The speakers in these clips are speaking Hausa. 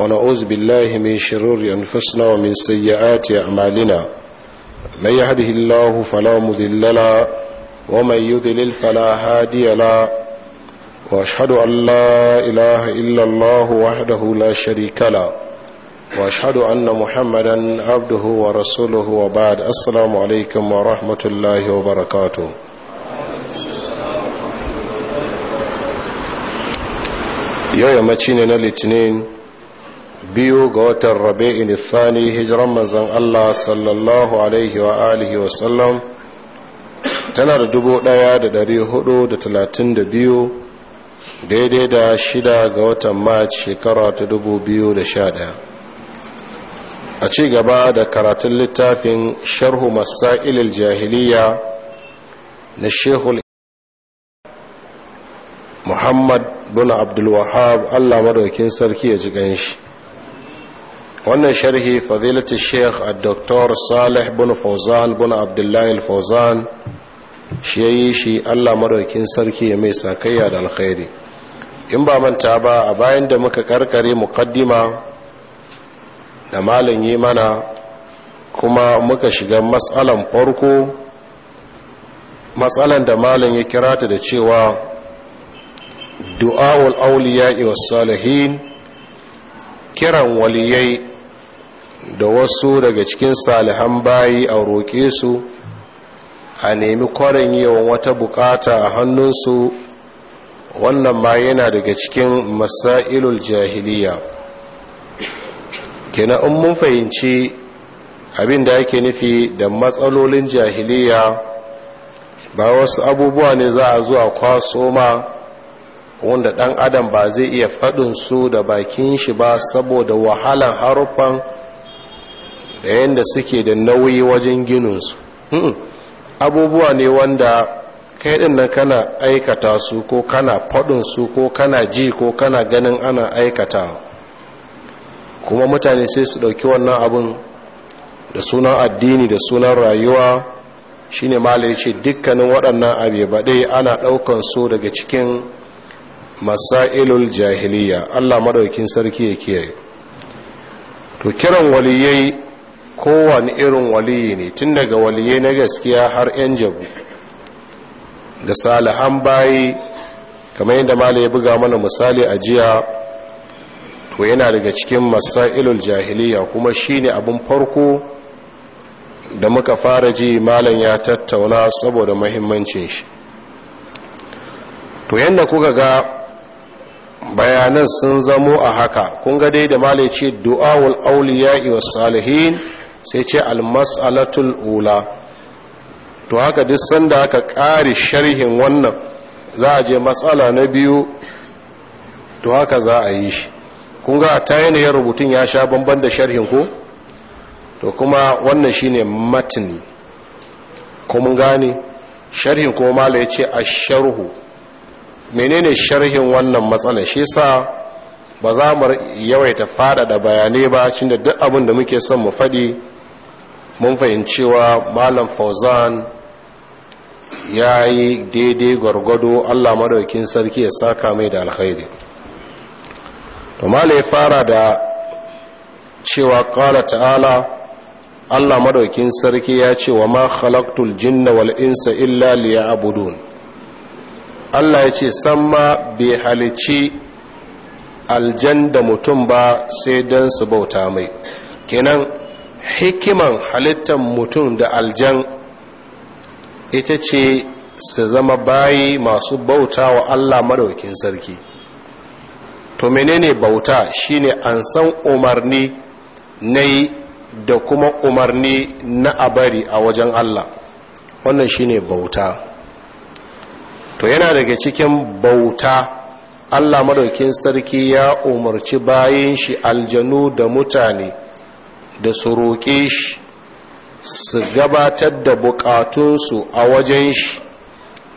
ونعوذ بالله من شرور أنفسنا ومن سيئات أعمالنا من يهده الله فلا مذل له ومن يذلل فلا هادي له وأشهد أن لا إله إلا الله وحده لا شريك له وأشهد أن محمدا عبده ورسوله وبعد السلام عليكم ورحمة الله وبركاته يا يا ne biyu ga watan rabi'in ithani hijiran manzan Allah sallallahu alaihi wa alihi wa sallam tana da dubu ɗaya da dari hudu da talatin da biyu daidai da shida ga watan mac shekara ta dubu biyu da sha ɗaya a ci gaba da karatun littafin sharhu masailil jahiliya na shehul muhammad bin abdulwahab allah madaukin sarki ya ji ganshi wannan sharhi fazilatu sheikh a doktor salih bin fauzan bin abdullahi fauzan shi ya yi shi allah maraukin sarki ya mai sakayya da alkhairi in ba manta ba a bayan da muka karkare mukaddima da malin yi mana kuma muka shiga matsalan farko matsalan da malin ya kira ta da cewa du'a'ul auliya'i was salihin kiran waliyai da wasu daga cikin salihan bayi a roƙe su a nemi kwarin yawan wata bukata a hannunsu wannan ma yana daga cikin masailul jahiliya kina in mun fahimci abin da ake nufi da matsalolin jahiliya ba wasu abubuwa ne za a zuwa kwaso ma wanda ɗan adam ba zai iya faɗin su da bakin shi ba saboda wahalan haruffan da yadda suke da nauyi wajen gininsu hmm. abubuwa ne wanda kai din nan kana aikata su ko kana faɗin su ko kana ji ko kana ganin ana aikata kuma mutane sai su ɗauki wannan abun da sunan addini da sunan rayuwa shine mala ce dukkanin waɗannan abu bade, ana ɗaukan su daga cikin masailul jahiliya allah maɗaukin sarki ya kiyaye to kiran waliyai kowane irin waliyi ne tun daga waliyi na gaskiya har 'yan jabu da salihan bayi kamar yadda mala ya buga mana misali a jiya to yana daga cikin masailul jahiliya kuma shine abin farko da muka fara ji malam ya tattauna saboda mahimmancin shi to yadda kuka ga bayanan sun zamo a haka kun ga dai da malai ce du'awul auliya'i was salihin sai ce almas'alatul ula to haka duk sanda aka kare sharhin wannan za a je matsala na biyu to haka za a yi shi kun ga ta yanayin rubutun ya sha bamban da sharhin ko to kuma wannan shine matni mun gane sharhin ko mala ya ce a sharhu menene sharhin wannan matsala shi sa ba za mu yawaita da bayanai ba cin da duk abin da muke son mu faɗi mun fahimcewa malam fauzan ya yi daidai gwargwado allah madaukin sarki ya saka mai da alkhairi to ya fara da cewa kala ta'ala allah madaukin sarki ya ce wa ma khalaqtul jinna wal insa illa liya abudun allah ya ce samma bai halici aljan da mutum ba sai don su bauta mai kenan hikiman halittar mutum da aljan ita ce su zama bayi masu bauta wa Allah madaukin sarki to menene bauta shine an san umarni na yi da kuma umarni na abari a wajen Allah wannan shine bauta to yana daga cikin bauta Allah madaukin sarki ya umarci bayan shi aljanu da mutane da su roƙe shi su gabatar da buƙatunsu a wajen shi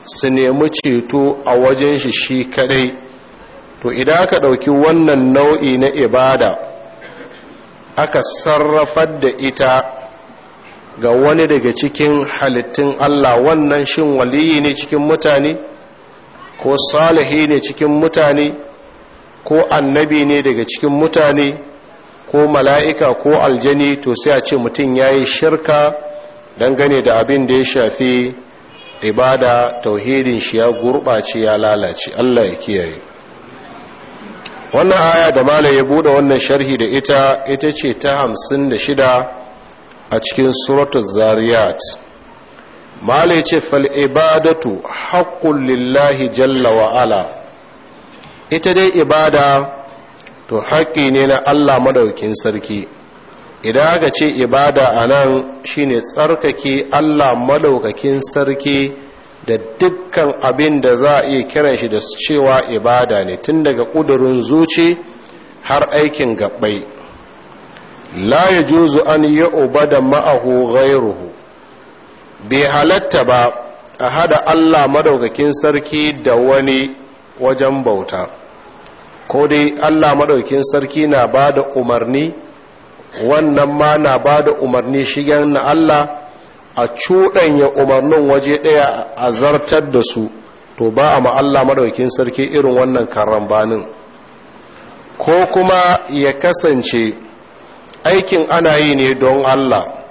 su nemi ceto a wajen shi shi kadai to idan aka ɗauki wannan nau'i na ibada aka sarrafar da ita ga wani daga cikin halittun Allah wannan shin waliyi ne cikin mutane ko salihi ne cikin mutane ko annabi ne daga cikin mutane ko mala'ika ko aljani to sai a ce mutum ya yi shirka dangane da abin da ya shafi ibada tauhidin shi ya gurɓace ya lalace Allah ya kiyaye wannan aya da mala ya buɗe wannan sharhi da ita ita ce ta hamsin da shida a cikin suratul zariyat mala ya ce fal'ibadatu haƙƙun lillahi jalla wa'ala ita dai ibada to haƙƙi ne na Allah madaukin sarki idan aka ce ibada a nan shine tsarkake Allah madaukakin sarki da dukkan abin da za a iya kiran shi da cewa ibada ne tun daga ƙudurin zuci har aikin gaɓai la ya juzu an yi da ma'ahu gairuhu bai halatta ba a hada Allah madaukakin sarki da wani wajen bauta ko dai allah maɗaukin sarki na ba da umarni wannan ma na ba da umarni shigen na allah a cuɗanya umarnin waje ɗaya a zartar da su to ba a ma'alla maɗaukin sarki irin wannan karambanin ko kuma ya kasance aikin ana yi ne don Allah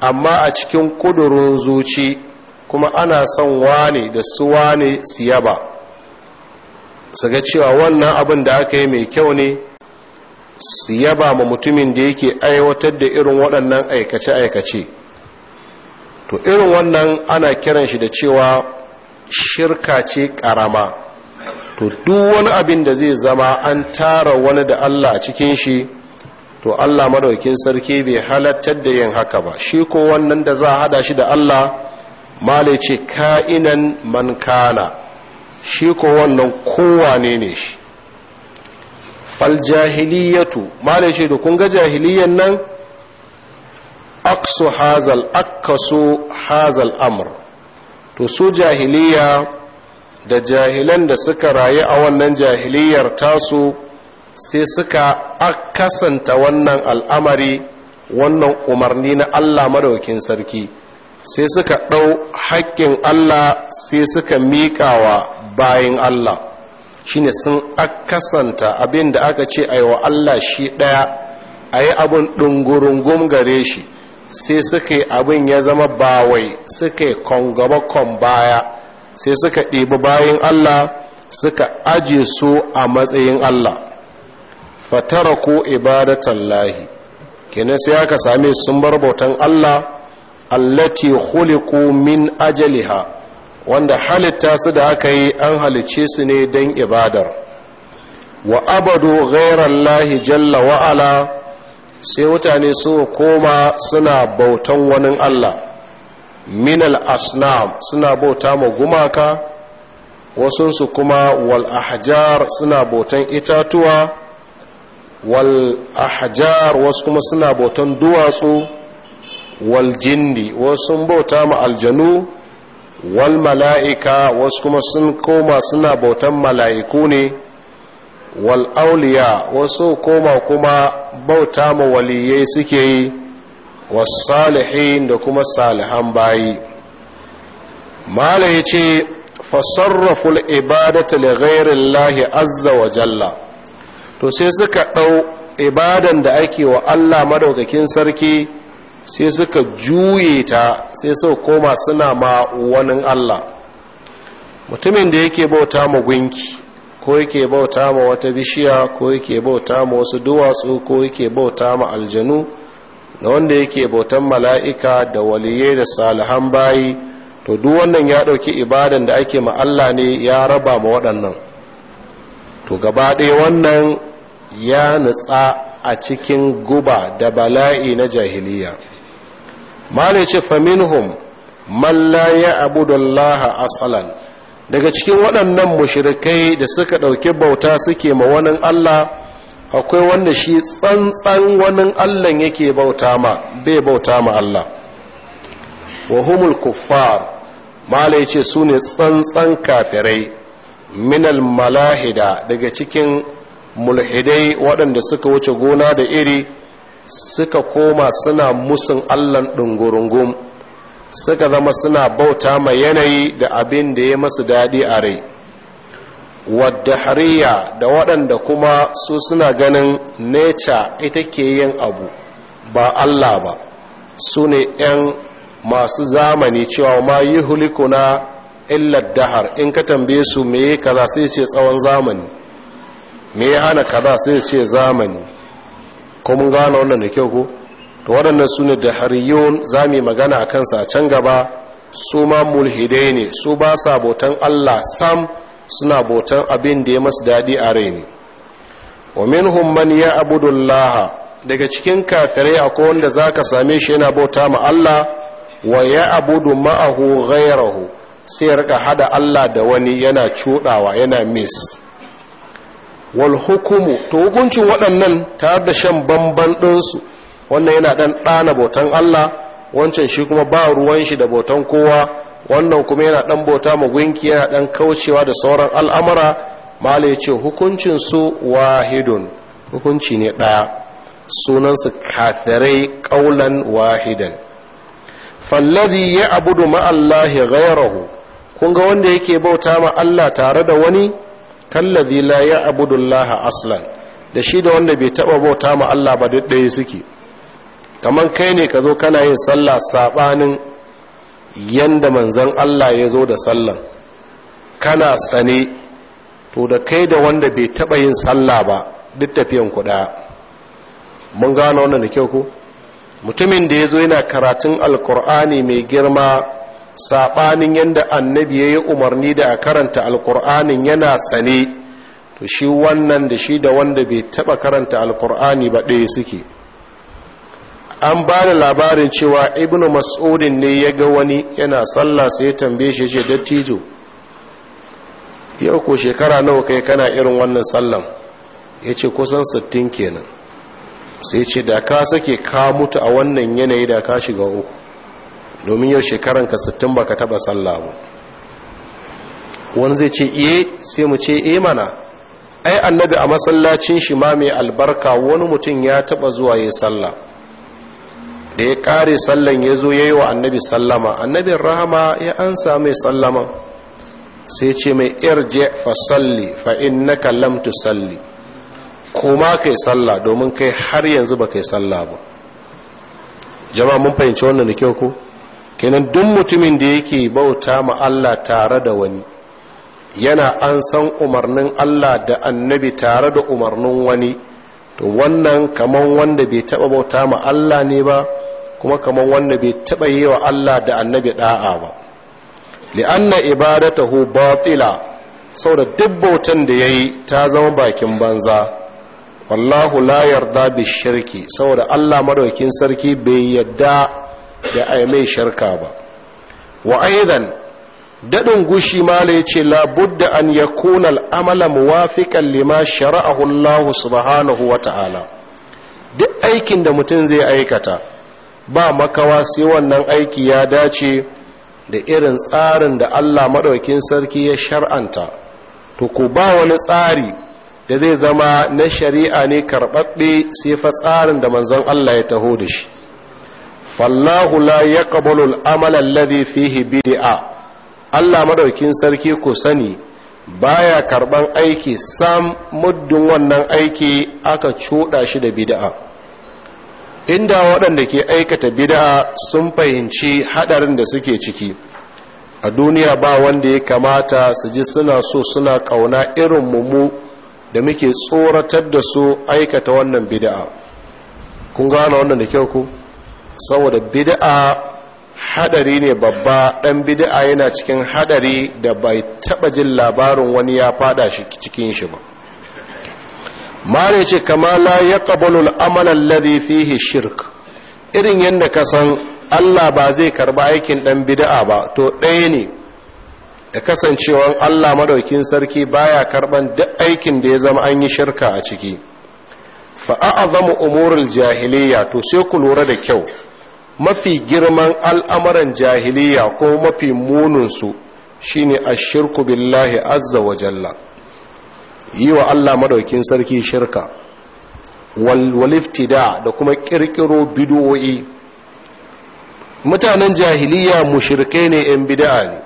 amma a cikin kudurin zuci kuma ana son wane da su wane siyaba su ga cewa wannan abin da aka yi mai kyau ne su yaba ma mutumin da yake aiwatar da irin waɗannan aikace-aikace to irin wannan ana kiran shi da cewa shirka ce ƙarama to duk wani abin da zai zama an tara wani da allah cikin shi to allah madaukin sarki bai halattar da yin haka ba shi ko wannan da za a hada shi da allah male ce ka'inan man kana shi ko wannan kowane ne shi faljahiliyatu malai shi da kunga jahiliyan nan aksu hazal akkasu hazal amr to su jahiliya da jahilan da suka rayu a wannan jahiliyar tasu sai suka akasanta wannan al'amari wannan umarni na allah madaukin sarki sai suka ɗau haƙƙin Allah sai suka miƙawa bayan Allah shi ne sun akasanta abin da aka ce a wa Allah shi ɗaya a yi abin ɗungurungun gare shi sai suka yi abin ya zama bawai suka yi kongabakon baya sai suka ɗibi bayan Allah suka aje su a matsayin Allah fatara ko ibadatan lahi kenan sai aka same sun bar Allah allati khuliqu min ajaliha wanda halitta su da aka yi an halice su ne don ibadar wa abadu lahi jalla wa'ala sai mutane su koma suna bautan wani Allah minal asnam suna bauta ma gumaka wasunsu kuma wal ahjar suna bautan itatuwa wal ahjar wasu kuma suna bautan duwatsu wal jinni wasu bauta ma aljanu wal mala'ika wasu kuma sun koma suna bautan mala'iku ne wal auliya wasu koma kuma bauta ma waliyai suke yi wasalihin da kuma salihan bayi mala ya ce fasarraful ibadata li ghairin lahi azza wa jalla to sai suka ɗau ibadan da ake wa allah madaukakin sarki sai suka juye ta sai sau koma suna ma wani Allah mutumin da yake bauta ma gunki ko yake bauta ma wata bishiya ko yake bauta ma wasu duwatsu ko yake bauta ma aljanu da wanda yake bautan mala'ika da waliyai da salihan bayi to duk wannan ya ɗauki ibadan da ake ma Allah ne ya raba ma waɗannan to gaba ɗaya wannan ya nutsa a cikin guba da bala'i na jahiliya malai ce faminhum man la ya'budullaha asalan daga cikin waɗannan mushirikai da suka ɗauki bauta suke ma wani Allah akwai wanda shi tsantsan wani Allah yake bauta ma bai bauta ma Allah wa humul kuffar malai ce su tsantsan kafirai minal malahida daga cikin mulhidai waɗanda suka wuce gona da iri suka koma suna musun allan ɗungurungun suka zama suna bauta ma yanayi da abin da ya masu daɗi a rai wadda hariya da waɗanda kuma su suna ganin neca ita ke yin abu ba allah ba su ne 'yan masu zamani cewa ma yi hulikuna illar dahar in ka tambaye su me kaza sai ce tsawon zamani me hana kaza sai ce zamani ko mun gane wannan da kyau ko to waɗannan su ne da hariyun za mu magana a kansa a can gaba su ma mulhidai ne su ba sa botan allah sam suna botan abin da ya masu daɗi a rai ne wa minhum man ya abudullaha daga cikin kafirai akwai wanda za ka same shi yana bauta ma allah wa ya abudu ma'ahu gairahu, sai ya rika hada allah da wani yana cuɗawa yana miss. wal hukumu to hukuncin waɗannan tare da shan bamban ɗinsu wannan yana ɗan ɗana bautan Allah wancan shi kuma ba ruwan shi da bautan kowa wannan kuma yana ɗan bauta ma gunki yana ɗan kaucewa da sauran al'amura mala ya ce hukuncinsu wahidun hukunci ne ɗaya sunansu kafirai ƙaunan wahidan fallazi ya abudu ma'allahi gairahu kun ga wanda yake bauta ma Allah tare da wani kallazi la ya'budu Allah aslan da shi da wanda bai taba bauta ma Allah ba duk dai suke kaman kai ne ka zo kana yin sallah sabanin yanda manzon Allah ya zo da sallan kana sane to da kai da wanda bai taba yin sallah ba duk tafiyan ku mun gano wannan da kyau ko mutumin da ya zo yana karatun alkur'ani mai girma saɓanin yadda annabi ya yi umarni da a karanta alkur'anin yana sane to shi wannan da shi da wanda bai taɓa karanta alkur'ani ba ɗaya suke an ba da labarin cewa ibnu mas'udin ne ya ga wani yana sallah sai ya tambaye shi ce dattijo yau ko shekara nawa kai kana irin wannan sallan ya ce kusan sittin kenan sai ce da ka sake ka mutu a wannan yanayi da ka shiga uku domin yau shekaranka 60 baka taba sallah ba wani zai ce iye eh, sai mu ce eh mana ai annabi a masallacin shi ma mai albarka wani mutum ya taba zuwa ya sallah da ya kare sallan ya zo ya wa annabi sallama annabin rahama ya ansa mai sallama sai ce mai irje fa salli fa innaka lam tusalli koma kai sallah domin kai har yanzu ba kai sallah ba jama'a mun fahimci wannan da kyau ko kenan duk mutumin da yake bauta ma Allah tare da wani yana an san umarnin Allah da annabi tare da umarnin wani to wannan kaman wanda bai taba bauta ma Allah ne ba kuma kaman wanda bai taba yi wa Allah da annabi da'a ba li'anna ibadatuhu batila saboda duk bautan da yayi ta zama bakin banza wallahu la yarda bi shirki saboda Allah madaukin sarki bai yadda da ai mai shirka ba wa aidan daɗin gushi mala yace ce labudda an ya kuna al'amala muwafiƙan lima shara'ahu Allah subhanahu wa ta'ala duk aikin da mutum zai aikata ba makawa sai wannan aiki ya dace da irin tsarin da Allah maɗaukin sarki ya shar'anta to ku ba wani tsari da zai zama na shari'a ne karɓaɓɓe sai fa tsarin da manzon Allah ya taho da shi fallahu la yaqbalu al-amal alladhi fihi bid'a Allah maɗaukin sarki ku sani baya karɓan aiki sam muddin wannan aiki aka cuɗa shi da bid'a inda waɗanda ke aikata bid'a sun fahimci hadarin da suke ciki a duniya ba wanda ya kamata su ji suna so suna kauna irin mummu da muke tsoratar da su aikata wannan bid'a kun gane wannan da kyau ku saboda bid'a hadari ne babba dan bid'a yana cikin hadari da bai taba jin labarin wani ya fada shi cikin shi ba mare ce kama la yaqbalu al-amal alladhi fihi shirk irin yanda ka san Allah ba zai karba aikin dan bid'a ba to ɗaya ne da kasancewan Allah madaukin sarki baya karban duk aikin da ya zama an yi shirka a ciki fa'a'azama umurul jahiliya to sai ku lura da kyau mafi girman al'amuran jahiliya ko mafi muninsu shi ne a shirku billahi azza wa jalla yi wa Allah madaukin sarki shirka waliftida da kuma ƙirƙiro bidowoyi mutanen jahiliya mushirkai ne ‘yan bida ne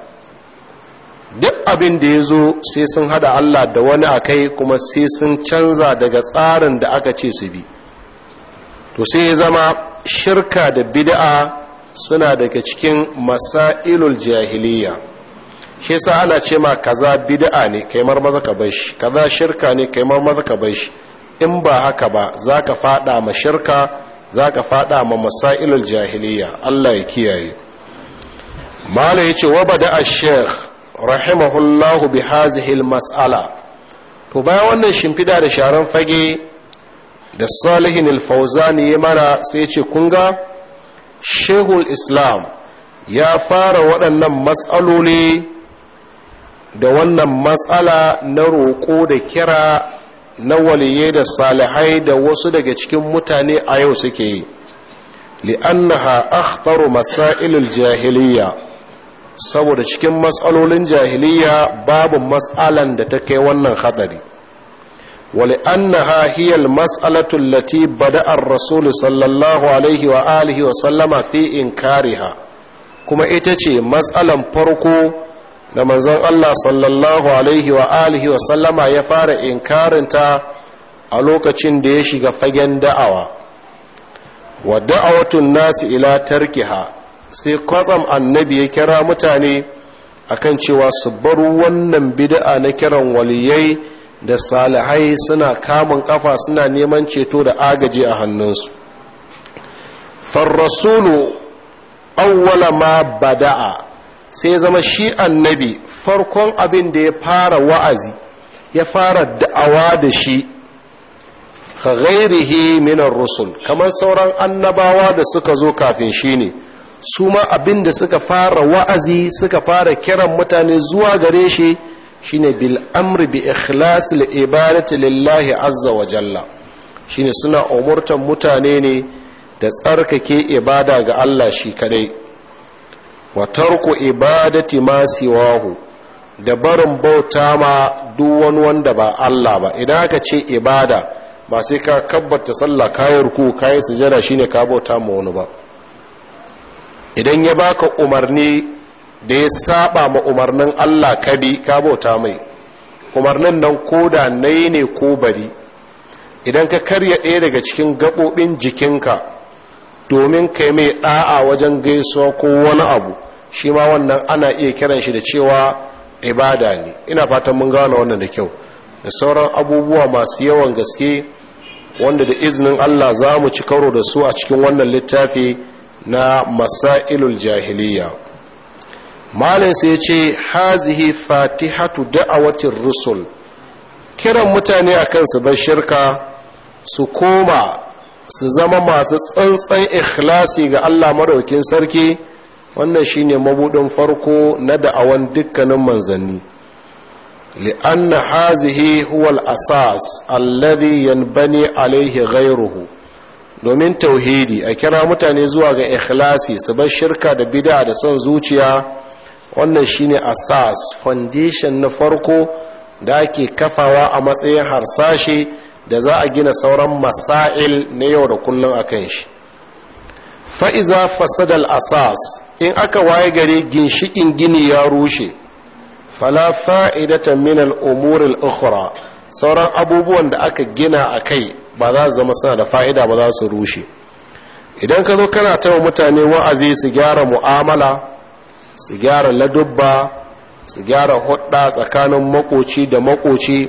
duk abin da ya zo sai sun hada Allah da wani a kai kuma sai sun canza daga tsarin da aka ce su bi to sai ya zama shirka da bid'a suna daga cikin masailul jahiliya shi sa ana ce ma kaza bid'a ne kai maza ka bar shi kaza shirka ne kai maza ka bar shi in ba haka ba za ka fada ma shirka za ka fada ma masailul jahiliya Allah ya kiyaye mala ya ce wa bada a sheikh rahimahullahu bi hazihil mas'ala to bayan wannan shimfida da sharan fage da salihin alfauzani ya mana sai ce kunga shehul islam ya fara waɗannan matsaloli da wannan matsala na roƙo da kira na waliye da salihai da wasu daga cikin mutane a yau suke yi li'annaha akhtaru masailul jahiliya saboda cikin matsalolin jahiliya babu matsalan da ta kai wannan hadari wali annaha hiya almas'alatu allati bada'a ar-rasul sallallahu alaihi wa alihi wa sallama fi inkariha kuma ita ce matsalan farko da manzon Allah sallallahu alaihi wa alihi wa sallama ya fara inkarinta a lokacin da ya shiga fagen da'awa wa da'awatun nasi ila tarkiha sai kwatsam annabi ya kira mutane akan cewa su bar wannan bid'a na kiran waliyai da salihai suna kamun kafa suna neman ceto da agaji a hannunsu farrasulu awwala ma bada'a sai zama shi annabi farkon abin da ya fara wa'azi ya fara da'awa da shi ka gairihi minar rusul kamar sauran annabawa da suka zo kafin shi ne su ma abin da suka fara wa'azi suka fara kiran mutane zuwa gare shi shine bil amri bi ikhlasi al ibadati lillahi azza wa jalla shine suna umurtan mutane ne da tsarkake ibada ga Allah shi kadai wa tarku ibadati ma siwahu da barin bauta ma duk wani wanda ba Allah ba idan aka ce ibada ba sai ka kabbata sallah kayar ku kayi sujada shine ka bauta ma wani ba idan ya baka umarni da ya saba ma umarnin Allah ka bi ka bauta mai umarnin nan koda nai ne ko bari idan ka karya ɗaya daga cikin gaɓoɓin jikinka domin kai mai ɗa'a wajen gaisuwa ko wani abu shi ma wannan ana iya kiran shi da cewa ibada ne ina fatan mun gane wannan da kyau da sauran abubuwa masu yawan gaske wanda da iznin Allah za mu ci karo da su a cikin wannan littafi na masailul jahiliya malin sai ce hazihi fatihatu da'awatir rusul kiran mutane akan su bar shirka su koma su zama masu tsantsan ikhlasi ga Allah maɗaukin sarki wannan shine mabudin farko na da'awan dukkanin manzanni li'anna hazihi huwal asas alladhi yanbani alaihi ghayruhu domin tauhidi a kira mutane zuwa ga ikhlasi su bar shirka da bid'a da son zuciya wannan shine asas foundation na farko da ake kafawa a matsayin harsashe da za a gina sauran masail na yau da kullum a kan shi fa'iza fasadal asas in aka waye gare ginshikin gini ya rushe fala fa'idatan min Umuril ukhra sauran abubuwan da aka gina a kai ba za su zama suna da fa'ida ba za su rushe idan ka zo kana ta mutane wa'azi su gyara mu'amala su gyara ladubba su gyara hudda tsakanin makoci da makoci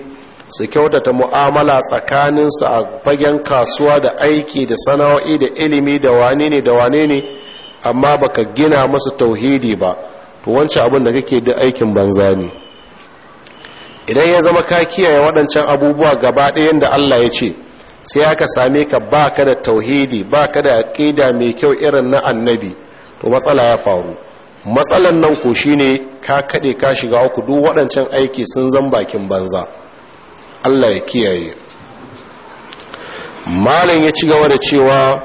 su kyautata mu'amala tsakaninsu a fagen kasuwa da aiki da sana'o'i da ilimi da wane ne da wane ne amma ba ka gina masu tauhidi ba to wancan abin da kake da aikin banza ne idan ya zama ka kiyaye waɗancan abubuwa gaba ɗayan da Allah ya ce sai aka same ka baka da tauhidi baka da aƙida mai kyau irin na annabi to matsala ya faru matsalan nan ko shi ne ka kaɗe ka shiga uku duk waɗancan aiki sun zan bakin banza Allah ya kiyaye malam ya ci gaba da cewa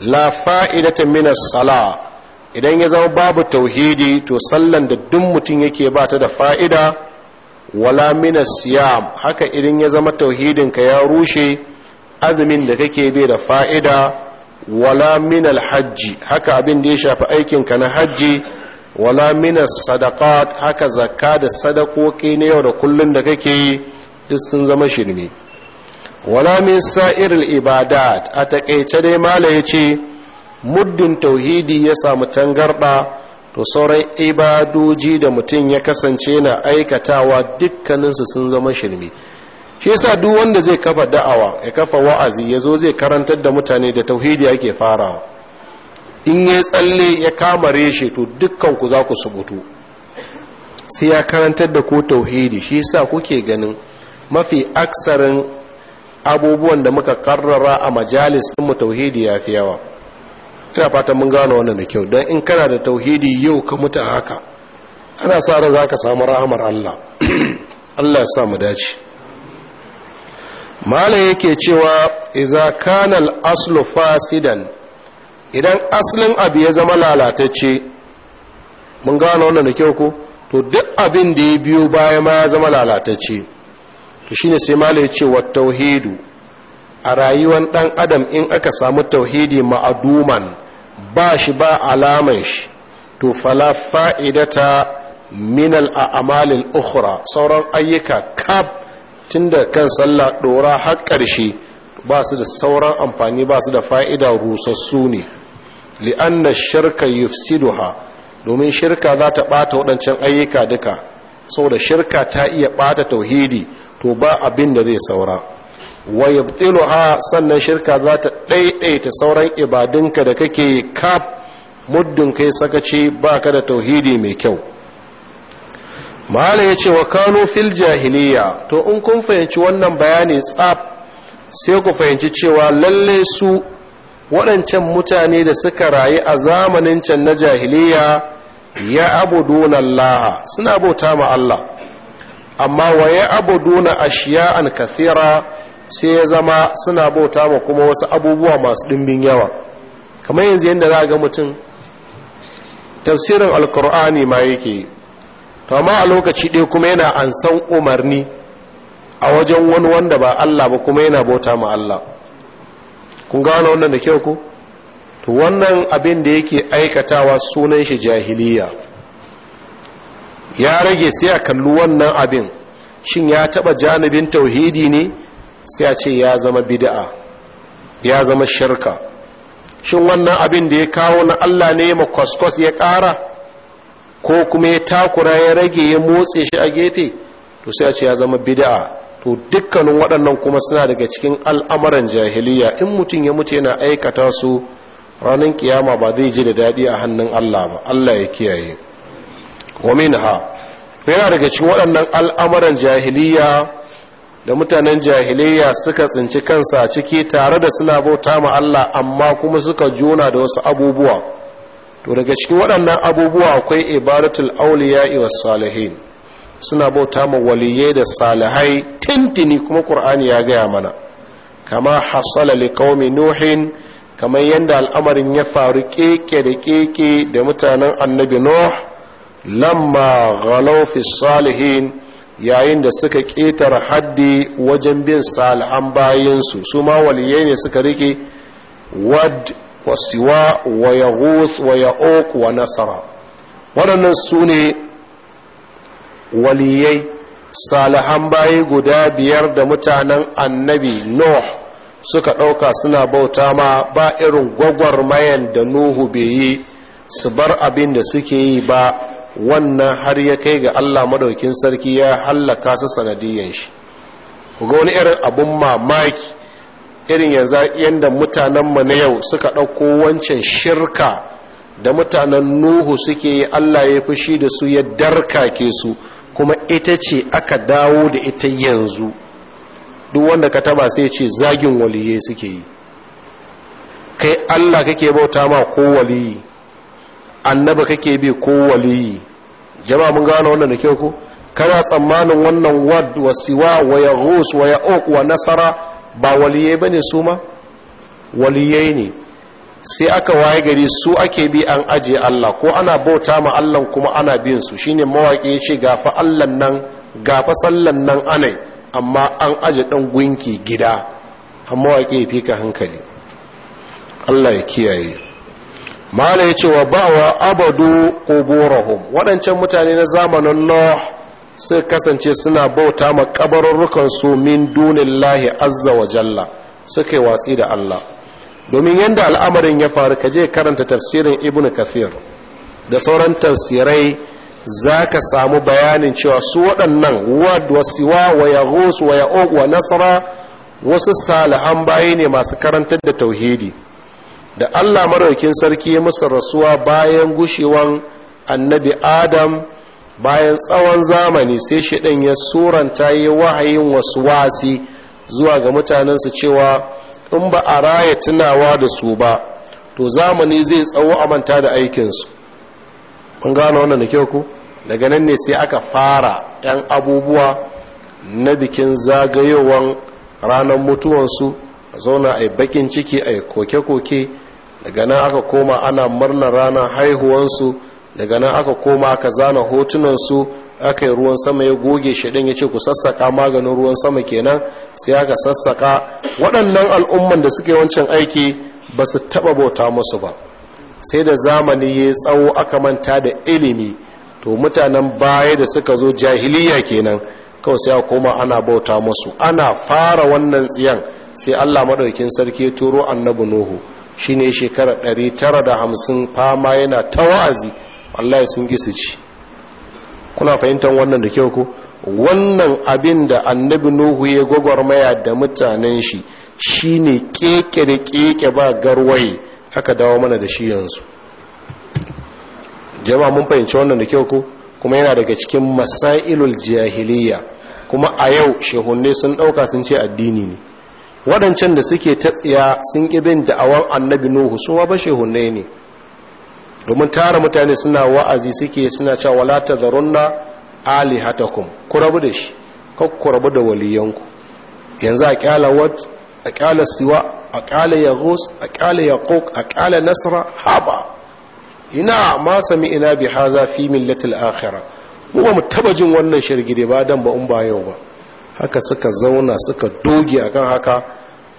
la fa'idata min as-sala idan ya zama babu tauhidi to sallan da duk mutum yake ba ta da fa'ida wala min as-siyam haka idan ya zama tauhidin ka ya rushe azumin da kake bai da fa'ida wala min hajji, haka abin da ya shafi aikinka na hajji wala min sadaka, haka zakka da sadakoki na yau da kullum da kake yi duk sun zama shirme wala min sa'iril ibadat a taƙaice dai mala ya ce, muddin tauhidi ya samu tangarɗa, to sauran ibadoji da mutum ya kasance na aikatawa dukkaninsu sun zama shirme shi yasa duk wanda zai kafa da'awa ya kafa wa'azi ya zo zai karantar da mutane da tauhidi yake farawa in ya tsalle ya kama reshe to dukkan ku za ku subutu sai ya karantar da ku tauhidi shi yasa kuke ganin mafi aksarin abubuwan da muka karrara a majalis din mu tauhidi ya fi yawa ina fatan mun gano wannan da kyau don in kana da tauhidi yau ka mutu haka ana sa ran za ka samu rahamar Allah Allah ya sa mu dace mala yake cewa iza kana aslu fasidan idan asalin abu ya zama lalatacce mun gano wannan da kyau ko to duk abin da ya biyo baya ma ya zama lalatacce to shine sai mala ya ce wa tauhidu a rayuwar dan adam in aka samu tauhidi ma'aduman ba shi ba alaman shi to fala fa'idata minal al-a'mal al-ukhra sauran ayyuka kab tun da kan sallah ɗora har ƙarshe ba su da sauran amfani ba su da fa'ida rusassu ne li'anna shirka yufsiduha domin shirka za ta ɓata waɗancan ayyuka duka saboda shirka ta iya ɓata tauhidi to ba abin da zai saura wa yabtiluha sannan shirka za ta ɗaiɗaita sauran ibadunka da kake kaf muddin kai sakaci ba ka da tauhidi mai kyau mahala ya ce wa kano fil jahiliya to in kun fahimci wannan bayani tsab sai ku fahimci cewa lalle su waɗancan mutane da suka rayu a zamanin can na jahiliya ya abuduna Allah suna bauta ma Allah amma wa ya abuduna ashiya'an kathira sai ya zama suna bauta ma kuma wasu abubuwa masu ɗimbin yawa kamar yanzu yadda za ga mutum tafsirin alkur'ani ma yake to amma a lokaci ɗaya kuma yana ansan umarni a wajen wani wanda ba Allah ba kuma yana bauta ma Allah kun gano wannan da kyau ku to wannan abin da yake aikatawa sunan shi jahiliya ya rage sai a kalli wannan abin shin ya taba janibin tauhidi ne sai a ce ya zama bid'a ya zama shirka shin wannan abin da ya kawo na Allah ne ma kwaskwas ya ƙara ko kuma ya takura ya rage ya motse shi a gefe to sai a ce ya zama bida'a. to dukkanin waɗannan kuma suna daga cikin al'amuran jahiliya in mutum ya mutu yana aikata su ranar kiyama ba zai ji da daɗi a hannun Allah ba Allah ya kiyaye wa ha yana daga cikin waɗannan al'amuran jahiliya da mutanen jahiliya suka tsinci kansa ciki tare da suna bauta ma Allah amma kuma suka jona da wasu abubuwa to daga cikin waɗannan abubuwa akwai ibaratul auliya wa salihin suna bauta ma waliyai da salihai tintini kuma qur'ani ya gaya mana kama hasala qaumi nuhin kamar yadda al'amarin ya faru keke da keke da mutanen annabi nuh lamma ghalaw fi salihin yayin da suka ƙetare haddi wajen bin salihan bayansu su ma waliyai ne suka rike wad wa siwa wa yaghuth wa ya'uq wa nasara waɗannan su ne waliyai salihan bayi guda biyar da mutanen annabi noh suka ɗauka suna bauta ma ba irin gwagwarmayan da nuhu bai yi su bar abin da suke yi ba wannan har ya kai ga allah madaukin sarki ya hallaka su sanadiyan shi ga wani irin abin mamaki irin yanzu yadda mutanenmu na yau suka ɗauko wancan shirka da mutanen nuhu suke yi allah ya fushi da su ya darka ke su kuma ita ce aka dawo da ita yanzu duk wanda ka taba sai ce zagin waliye suke yi kai allah kake bauta ma ko waliyi annaba kake bi ko waliyi jama'a mun gano wannan da kyau ko kana tsammanin wannan wad wa siwa wa yaghus wa ya'uq wa nasara ba waliyai bane su ma waliyai ne sai aka waye gari su ake bi an ajiye Allah ko ana bauta ma Allah kuma ana bin su shine mawaki ya ce gafa Allah nan gafa sallan nan anai amma an aje dan gunki gida amma mawaki ya fika hankali Allah ya kiyaye mala ya ce wa ba'wa abadu quburuhum wadancan mutane na zamanin Nuh sai kasance suna bauta ma kabarurrukan su min lahi azza wa jalla suka yi watsi da Allah domin yadda al'amarin ya faru ka je karanta tafsirin Ibn kafir da sauran tafsirai za ka samu bayanin cewa su waɗannan wad wasiwa wa yaghus wa ya'uq wa nasara wasu salihan bayi ne masu karantar da tauhidi da Allah maraukin sarki ya musu rasuwa bayan gushewan annabi Adam bayan tsawon zamani sai shi ɗan ya suranta yi wahayin wasu wasi zuwa ga mutanensu cewa in ba a raya tunawa da su ba to zamani zai tsawo a manta da aikinsu kun gano wannan da kyau ku daga nan ne sai aka fara 'yan abubuwa na bikin zagayowar ranar mutuwansu a zauna a bakin ciki a koke-koke daga nan aka koma ana murnar ranar haihuwansu daga nan aka koma aka zana hotunansu aka yi ruwan sama ya goge shaɗin ya ce ku sassaka maganin ruwan sama kenan sai aka sassaka waɗannan al'umman da suke wancan aiki ba su taɓa bauta musu ba sai da zamani ya tsawo aka manta da ilimi to mutanen baya da suka zo jahiliya kenan kawai sai aka koma ana bauta musu ana fara wannan tsiyan sai allah maɗaukin sarki turo annabi nuhu shine shekara 950 fama yana ta wa'azi wallahi sun ƙi su ci kuna fahimtar wannan da kyau ko wannan abin da annabi nuhu ya gwagwarmaya da mutanen shi shi ne keke da keke ba garwaye aka dawo mana da shi yanzu Jama mun fahimci wannan da kyau ko kuma yana daga cikin masailul jahiliya kuma a yau shehunne sun dauka sun ce addini ne waɗancan da suke ta tsiya sun ƙi bin annabi nuhu su ba shehunne ne domin tara mutane suna wa'azi suke suna cewa wala ali alihatakum ku rabu da shi kan ku rabu da waliyanku yanzu a kyala wat a kyala siwa a kyala yaghus a kyala kok a kyala nasra haba ina ma sami ina bi haza fi millatil akhira mu ba mu taba jin wannan shirgide ba dan ba in ba yau ba haka suka zauna suka doge akan haka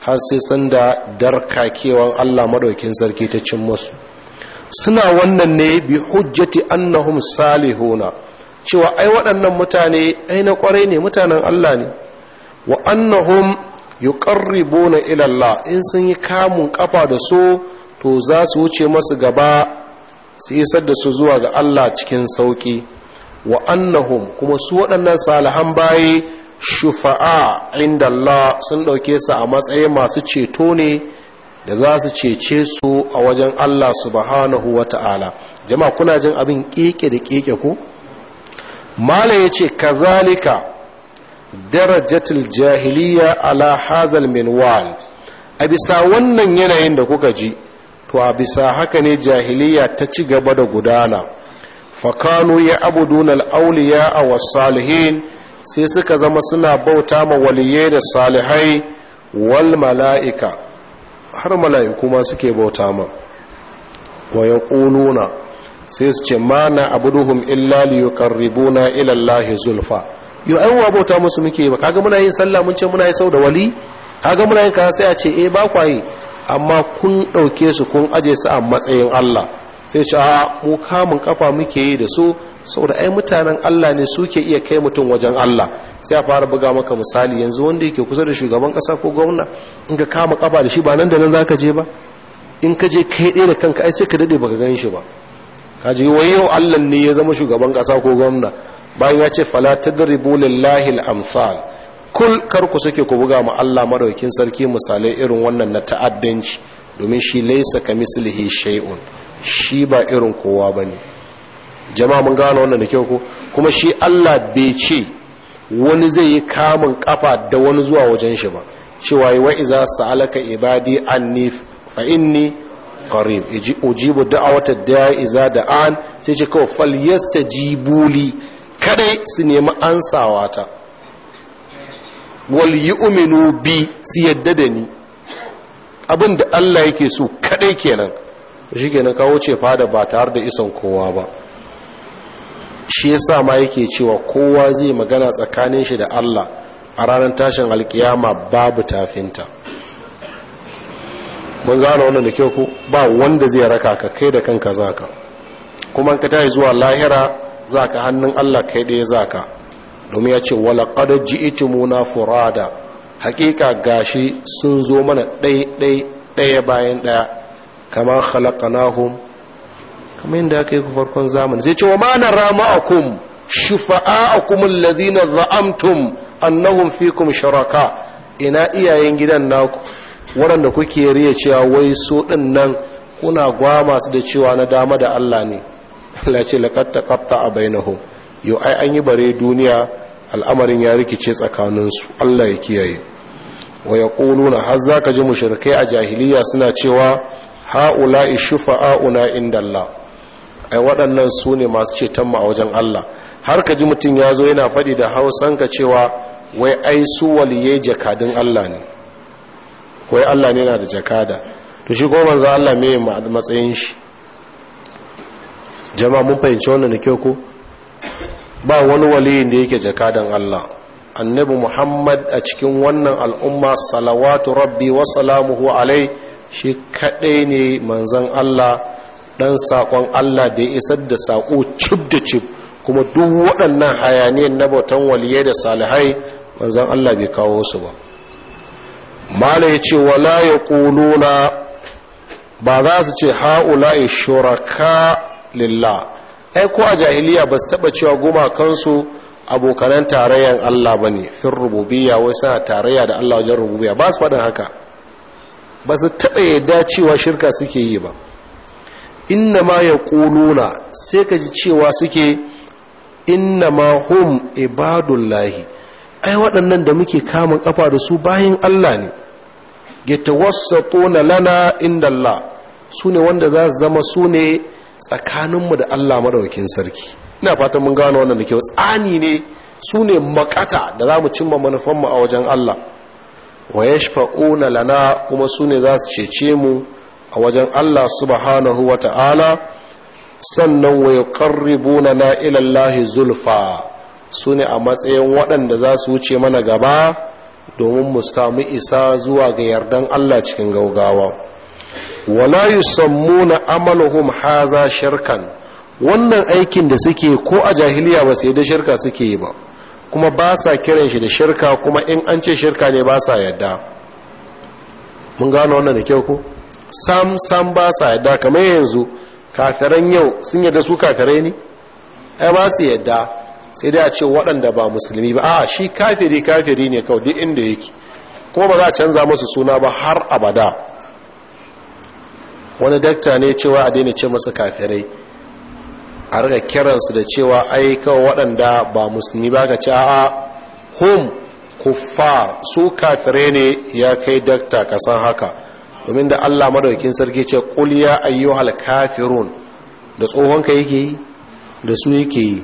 har sai sanda darkakewan Allah madaukin sarki ta cin masu suna wannan ne bi hujjati annahum salihuna cewa ai waɗannan mutane ai na ƙwarai ne mutanen Allah ne wa annahum yuqarribuna ila Allah in sun yi kamun kafa da su to za su wuce masu gaba su isar da su zuwa ga Allah cikin sauki wa annahum kuma su waɗannan salihan bayi shufa'a inda Allah sun ɗauke su a matsayin masu ceto ne da za su cece su a wajen Allah subhanahu wa ta'ala jama kuna jin abin keke da keke ku mala ya ce kazalika darajatul jahiliya ala hazal minwal a bisa wannan yanayin da kuka ji to a bisa haka ne jahiliya ta ci gaba da gudana fakanu ya abudunal auliya a wasalihin sai suka zama suna bauta ma waliyai da salihai wal mala'ika har mala'iku ma suke bauta ma wayan yaquluna sai su ce ma na abuduhum illa li yuqarribuna ila zulfa yo ai wa bauta musu muke ba kaga muna yin sallah mun ce muna yi sau da wali kaga muna yin ka sai a ce eh ba kwaye amma kun dauke su kun aje su a matsayin Allah sai ce a mu kamun kafa muke yi da su saboda ai mutanen Allah ne suke iya kai mutum wajen Allah sai a fara buga maka misali yanzu wanda yake kusa da shugaban kasa ko gwamna in ka kama kafa da shi ba nan da nan zaka je ba in ka je kai ɗaya da kanka ai sai ka dade baka gan shi ba ka je wai yau Allah ne ya zama shugaban kasa ko gwamna bayan ya ce fala tadribu lillahi al-amsal kul kar ku suke ku buga ma Allah madaukin sarki misalai irin wannan na ta'addanci domin shi laysa kamislihi shay'un shi ba irin kowa ba ne jama'a mun gano wannan da kyau ko kuma shi allah bai ce wani zai yi kamun kafa da wani zuwa wajen shi ba cewa yi su alaka ibadi anni fa inni qarib ujibu da'awata daya iza da an sai ce kawai fal jibuli kadai su nemi ansawa ta wal yu'minu bi su yadda da ni Abinda Allah yake so kadai kenan shi ke na kawo ce fada ba tare da isan kowa ba shi ya sa ma yake cewa kowa zai magana tsakanin shi da allah a ranar tashin alkiyama babu tafinta mun gano wannan da kyau ku ba wanda zai raka ka kai da kanka zaka kuma ka tashi zuwa lahira zaka hannun allah kai ɗaya zaka domin ya ce walaƙadar fura furada hakika gashi sun zo mana ɗaya ɗaya bayan ɗaya kama khalaqnahum kamar yadda aka yi farkon zamani zai ce wa ma nara ma'akum shufa'akum alladhina za'amtum annahum fikum sharaka ina iyayen gidan naku waɗanda kuke riya cewa wai su din nan kuna gwama su da cewa na dama da Allah ne Allah ce laqad taqatta bainahum yau ai an yi bare duniya al'amarin ya rikice tsakaninsu Allah ya kiyaye wa yaquluna har ka ji mushrikai a jahiliya suna cewa ha'ula'i shufa'a'una inda Allah ai waɗannan su ne masu ceton mu a wajen Allah har ka ji mutum ya zo yana faɗi da hausan ka cewa wai ai su waliye jakadin Allah ne wai Allah ne na da jakada to shi kuma manzo Allah me matsayin shi jama'a mun fahimci wannan da kyau ko ba wani waliyin da yake jakadan Allah annabi Muhammad a cikin wannan al'umma salawatu rabbi wa salamuhu alai shi kaɗai ne manzan Allah ɗan saƙon Allah da ya isar da saƙo cib da cib kuma duk waɗannan hayaniyar na bautan waliyar da salihai manzan Allah bai kawo su ba mala ya ce wala ya ƙuluna ba za su ce ha'ula shuraka lillah ai ko a jahiliya ba su taɓa cewa gumakansu abokanan tarayyar Allah ba ne fin rububiya wai suna tarayya da Allah wajen rububiya ba su faɗin haka ba su taɓa yadda cewa shirka suke yi ba inna ma ya ƙuluna sai ka ji cewa suke inna ma hum ibadullahi ai waɗannan da muke kamun ƙafa da su bayan Allah ne wasu tawassatuna lana inda Allah su ne wanda za su zama su ne tsakaninmu da Allah maɗaukin sarki ina fatan mun gano wannan da kyau tsani ne su ne makata da za mu cimma manufanmu a wajen Allah wa yashfa'una lana kuma su ne za su cece mu a wajen Allah subhanahu wa ta'ala sannan wa yuqarribuna na zulfa su ne a matsayin waɗanda za su wuce mana gaba domin mu samu isa zuwa ga yardan Allah cikin gaugawa wala yusammuna amaluhum haza shirkan wannan aikin da suke ko a jahiliya ba sai da shirka suke yi ba kuma ba sa kiran shi da shirka kuma in an ce shirka ne ba sa yadda mun gano wannan da kyau ku sam sam ba sa yadda kamar yanzu kafiran yau sun yadda su kafirai ne ai ba su yadda sai dai a ce waɗanda ba musulmi ba a shi kafiri kafiri ne kawai duk inda yake kuma ba za a canza musu suna ba har abada wani dakta ne cewa a daina ce masa kafirai a riga kiransu da cewa ai kawo waɗanda ba musulmi ba ka ci a hum kuffar su kafire ne ya kai dakta ka san haka domin da Allah madaukin sarki ce qul ya ayyuhal kafirun da tsohonka ka yake yi da su yake yi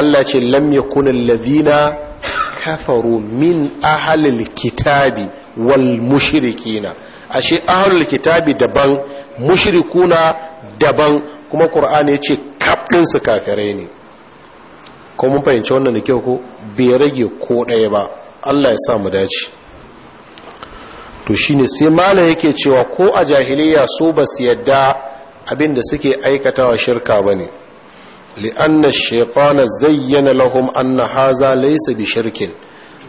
Allah ce lam yakuna alladhina kafaru min ahlil kitabi wal mushrikina ashe ahlul kitabi daban mushrikuna daban kuma qur'ani yace kafin su kafirai ne ko mun fahimci wannan da kyau ko bai rage ko ɗaya ba Allah ya sa mu dace to shine sai malam yake cewa ko a jahiliya su ba su yadda abin da suke aikatawa shirka bane li'anna ash-shaytana zayyana lahum anna haza laysa bi shirkin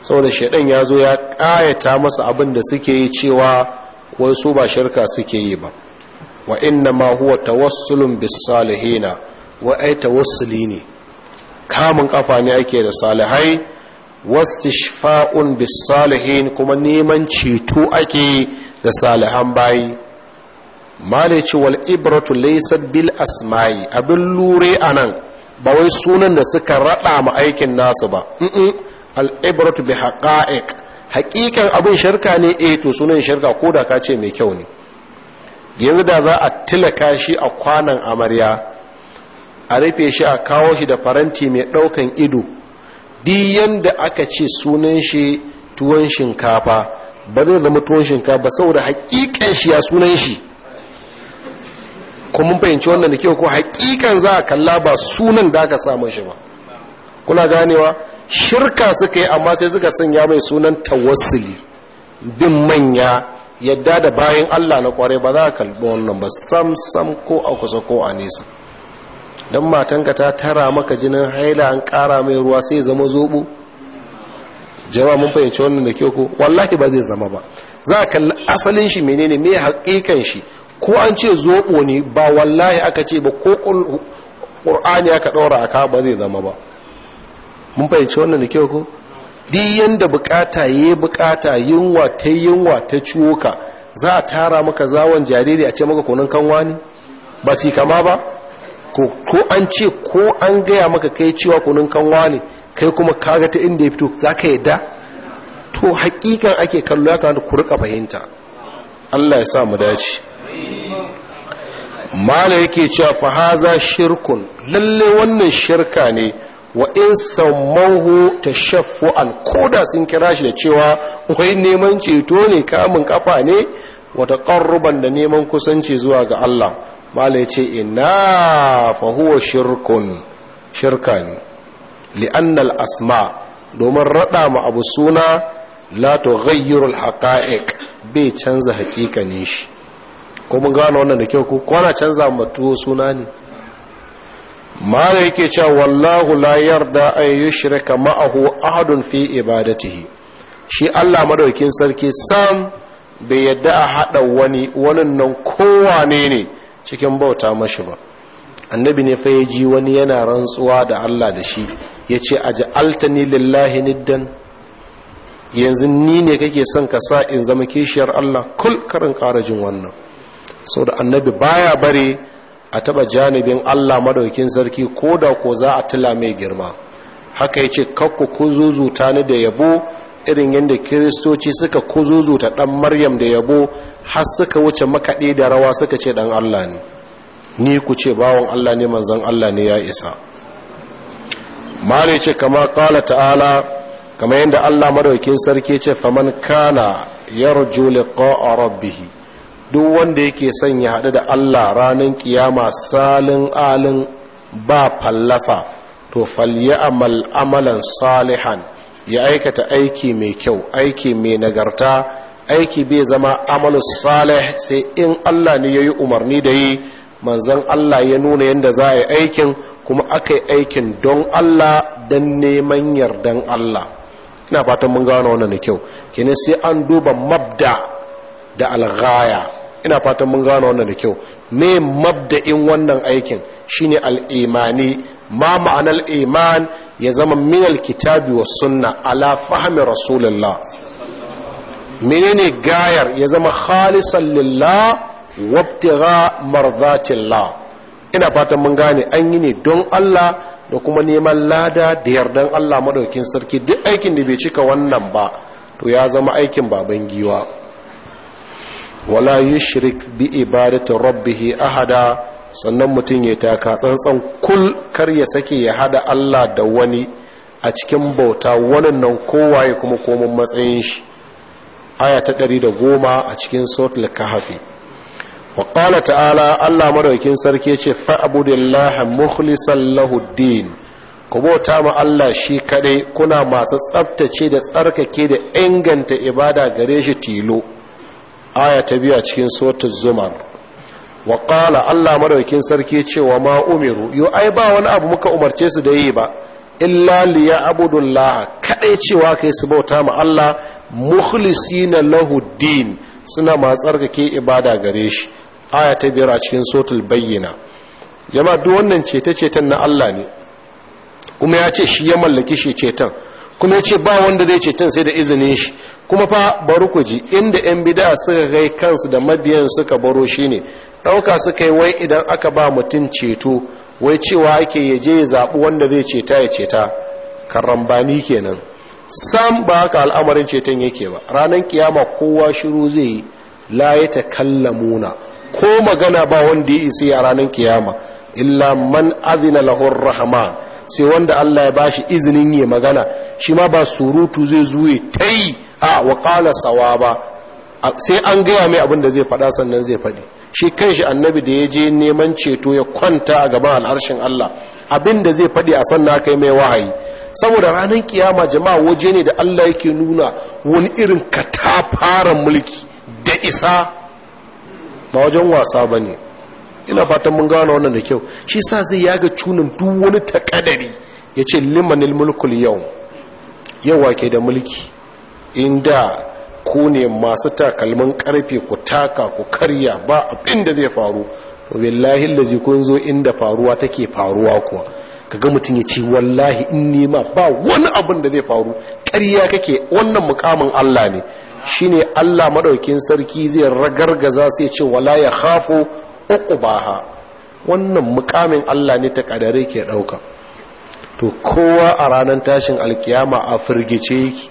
saboda shaidan ya zo ya ƙayata masa abin da suke yi cewa wai su ba shirka suke yi ba wa inna ma huwa tawassulun bis salihina wa ai tawassuli ne kamun kafa ne ake da salihai wastishfa'un bis salihin kuma neman ceto ake da salihan bayi male ce wal ibratu laysa bil asma'i abin lure anan ba wai sunan da suka rada ma aikin nasu ba al ibratu bi haqa'iq hakikan abin shirka ne eh to sunan shirka ko da ka ce mai kyau ne yanzu da za a tilaka shi a kwanan amarya a rufe shi a kawo shi da faranti mai daukan ido duk yanda aka ce sunan shi tuwon shinkafa ba zai zama tuwon shinkafa saboda hakikan shi ya sunan shi kuma fahimci wannan da kyau ko hakikan za a kalla ba sunan da aka samu shi ba kuna ganewa shirka suka yi amma sai suka sanya mai sunan tawassuli bin manya yadda da bayan Allah na kware ba za ka kalbi wannan ba sam sam ko a kusa ko a nesa don matanka ta tara maka jinin haila an kara mai ruwa sai zama zobo jama mun fahimci wannan da kyau ko wallahi ba zai zama ba za ka kalli asalin shi menene me hakikan shi ko an ce zobo ne ba wallahi aka ce ba ko qur'ani aka ɗaura aka ba zai zama ba mun fahimci wannan da kyau ko duk yanda bukata yi bukata yunwa ta yunwa ta ciwo ka za a tara maka zawon jariri a ce maka kunun kanwa ne ba su kama ba ko an ce ko an gaya maka kai cewa kunun kanwa ne kai kuma kaga ta inda ya fito za ka yadda to hakikan ake kallo ya kamata ku rika fahimta Allah ya sa mu dace mala yake cewa fa haza shirkun lalle wannan shirka ne wa in sammanhu ko koda sun kira shi da cewa wai neman ceto ne kamun kafa ne wata taqarruban da neman kusanci zuwa ga Allah mala yace inna fa huwa shirkun shirka ne li'annal asma domin raɗa ma abu suna la tughayyiru al-haqa'iq bai canza hakikanin shi ko mun gano wannan da kyau ko kwana canza mutuwo suna ne mara yake cewa wallahu la yarda an yushrika ma'ahu ahadun fi ibadatihi shi Allah madaukin sarki sam bai yadda a hada wani wannan nan kowane ne cikin bauta mashi ba annabi ne fa ya ji wani yana rantsuwa da Allah da shi ya ce aj'altani lillahi niddan yanzu ni ne kake son ka sa in zama kishiyar Allah kul karin ƙara jin wannan da annabi baya bare a taba janibin Allah madaukin sarki ko da ko za a tila mai girma haka ya yace kakku kuzuzuta ni da yabo irin yadda kiristoci suka kuzuzuta dan maryam da yabo har suka wuce makaɗe da rawa suka ce dan Allah ne ni ku ce bawon Allah ne manzon Allah ne ya isa mare ce kama kala ta'ala kama yadda Allah madaukin sarki ce faman kana yarju liqa rabbihi duk wanda yake son ya haɗu da Allah ranar kiyama salin alin ba fallasa to falye amal amalan salihan ya aikata aiki mai kyau aiki mai nagarta aiki bai zama amalus salih sai in Allah ne ya yi umarni da yi manzan Allah ya nuna yadda za a yi aikin kuma aka yi aikin don Allah don neman yardan Allah ina fatan mun gano wannan da kyau kenan sai an duba mabda da alghaya ina fatan mun gano wannan da kyau me mabda'in wannan aikin shine al-imani ma ma'anar iman ya zama min al-kitabi was sunna ala fahmi rasulullah menene gayar ya zama khalisan lillah wabtigha mardatillah ina fatan mun gane an yi ne don Allah da kuma neman lada da yardan Allah madaukin sarki duk aikin da bai cika wannan ba to ya zama aikin baban giwa wala yushrik bi ibadati rabbih ahada sannan mutum ya taka tsantsan kul kar ya sake ya hada Allah da wani a cikin bauta wannan kowaye kuma komon matsayin shi aya ta da goma a cikin suratul kahfi wa qala ta'ala Allah madaukin sarki yace fa'budillaha mukhlishan lahu din kuma ta ma Allah shi kaɗai kuna masu tsaftace da tsarkake da inganta ibada gare shi tilo aya ta biya cikin suratul zumar wa Allah maɗaukin sarki cewa ma umiru yau ai ba wani abu muka umarce su da yi ba ya illa la'a kaɗai cewa kai su bauta ma Allah mukhlisina na Lahudin suna matsar ke ibada gare shi aya ta biyar a cikin suratul bayyana, jama'a duk wannan cece na Allah ne kuma ya ce shi ya mallaki shi ceton kuma ya ce ba wanda zai ceton sai da izinin shi kuma fa bari ku ji inda yan bida suka kai kansu da mabiyan suka baro shi ne ɗauka suka yi wai idan aka ba mutum ceto wai cewa ake ya je ya zaɓi wanda zai ceta ya ceta karambani kenan sam ba haka al'amarin ceton yake ba ranar kiyama kowa shiru zai yi la ta kallamuna ko magana ba wanda ya isi a ranar kiyama illa man azina lahur rahman sai wanda Allah ya bashi izinin yi magana shi ma ba surutu zai zuwe ta yi a waƙala sawa ba sai an gaya mai abin da zai fada sannan zai fadi shi kanshi annabi da ya je neman ceto ya kwanta a gaban al'arshin Allah abinda zai fadi a sannan aka yi mai wahayi saboda ranar kiyama jama'a waje ne da Allah yake nuna wani irin katafaren mulki da isa ba wajen wasa ba ne ina fatan mun gano wannan da kyau shi sa zai yaga cunin duk wani takadari ya ce limanil mulkul yau yawa ke da mulki inda ku ne masu takalmin karfe ku taka ku karya ba abin da zai faru wallahi lazi kun zo inda faruwa take faruwa kuwa kaga mutum ya ce wallahi in nema ba wani abin da zai faru karya kake wannan mukamin Allah ne shine Allah maɗaukin sarki zai ragargaza sai ce wala ya hafu? uqubaha wannan mukamin Allah ne ta ƙadare ke ɗauka, to kowa a ranar tashin alkiyama a firgice yake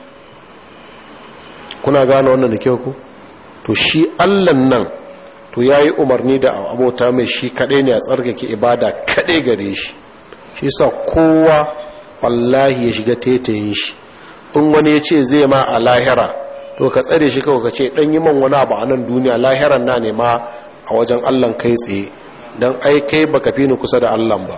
kuna gane wannan da kyau ku to shi Allah nan to ya yi umarni da abota mai shi kaɗai ne a tsarkake ibada kaɗai gare shi shi sa kowa wallahi ya shiga tetayin shi in wani ya ce zai ma a lahira to ka tsare shi kawai ka ce dan yi man wani abu a nan duniya lahiran na ne ma a wajen allah kai tsaye don ai kai baka fi ni kusa da allah ba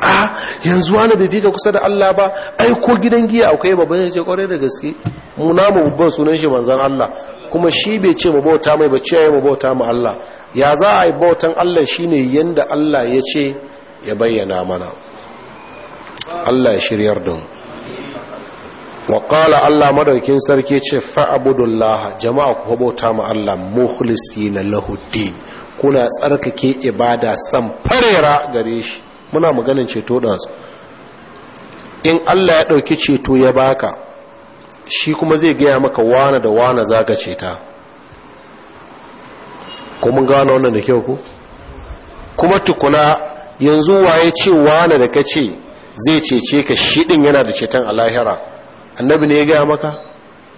a yanzu wani bai fi ka kusa da allah ba ai ko gidan giya akwai babban yace kwarai da gaske mu namu babban sunan shi manzan allah kuma shi bai ce mu bauta mai ba ce ma bauta mu allah ya za a yi bautan allah ne yadda allah ya ce ya bayyana mana allah ya shiryar da mu wa Allah madaukin sarki ce fa'budullah jama'a ku bauta ma Allah na lahu lahudi kuna tsarkake ibada san farera gare shi muna maganin ceto da in Allah ya ɗauki ceto ya baka shi kuma zai gaya maka wane da wane ka ceta ko gano wannan da kyau ku kuma tukuna yanzu wa ya ce wane da ka ce zai cece ka shi yana da ceton a lahira annabi ne ya gaya maka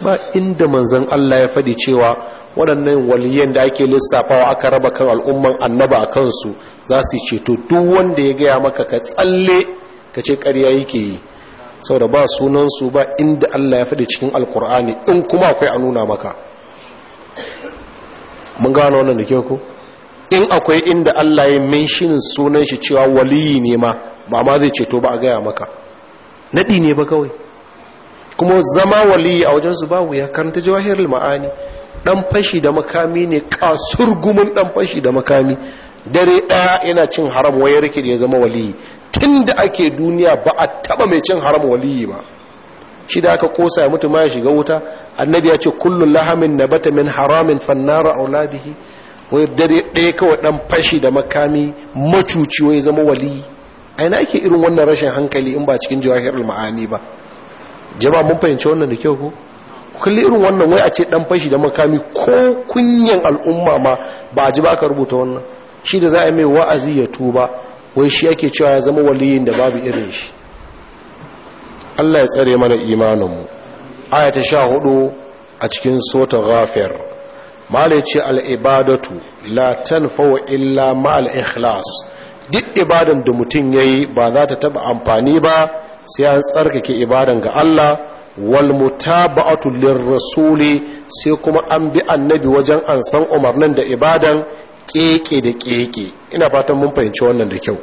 ba inda manzan Allah ya faɗi cewa waɗannan waliyan da ake lissafawa aka raba kan al'umman annaba a kansu za su ceto duk wanda ya gaya maka ka tsalle ka ce ƙarya yake yi saboda ba sunansu ba inda Allah ya faɗi cikin alkur'ani in kuma akwai a nuna maka mun gano wannan da ke ku in akwai inda Allah ya shi sunan shi cewa waliyi ne ma ba ma zai ceto ba a gaya maka naɗi ne ba kawai kuma zama waliyi a wajen su babu ya karanta jawahirul ma'ani Ɗan fashi da makami ne kasurgumin ɗan fashi da makami dare ɗaya yana cin haram waye rike da ya zama waliyi tunda ake duniya ba a taba mai cin haram waliyi ba shi da aka kosa ya mutu ma ya shiga wuta annabi ya ce kullun lahamin nabata min haramin fannara aulabihi wai dare ɗaya kawai ɗan fashi da makami macuci wai zama waliyi aina irin wannan rashin hankali in ba cikin jawahirul ma'ani ba jama'a mun fahimci wannan da kyau ko kalli irin wannan wai a ce dan fashi da makami ko kunyan al'umma ma ba a ji ba ka rubuta wannan shi da za a mai wa'azi ya tuba wai shi ake cewa ya zama waliyin da babu irin shi Allah ya tsare mana imanin mu aya ta sha hudu a cikin sota ghafir malai ce al'ibadatu la tanfawa illa ma'al ikhlas duk ibadan da mutum yayi ba za ta taba amfani ba sai an tsarkake ibadan ga Allah wal mutaba'atu lirrasuli sai kuma an bi annabi wajen an san umarnin da ibadan keke da keke ina fatan mun fahimci wannan da kyau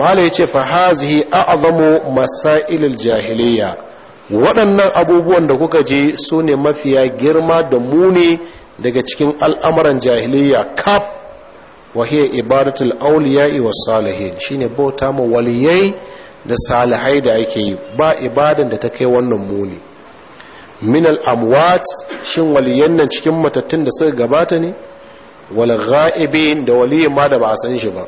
ya yace fa hazihi a'zamu masailil jahiliya waɗannan abubuwan da kuka je su ne mafiya girma da muni daga cikin al'amuran jahiliya kaf wa hiya ibadatul awliya'i was salihin shine bauta mu waliyai da salihai da ake yi ba ibadan da ta kai wannan muni min al'amwat shin waliyan nan cikin matattun da suka gabata ne wal ga'ibin da waliyan ma da ba a san shi ba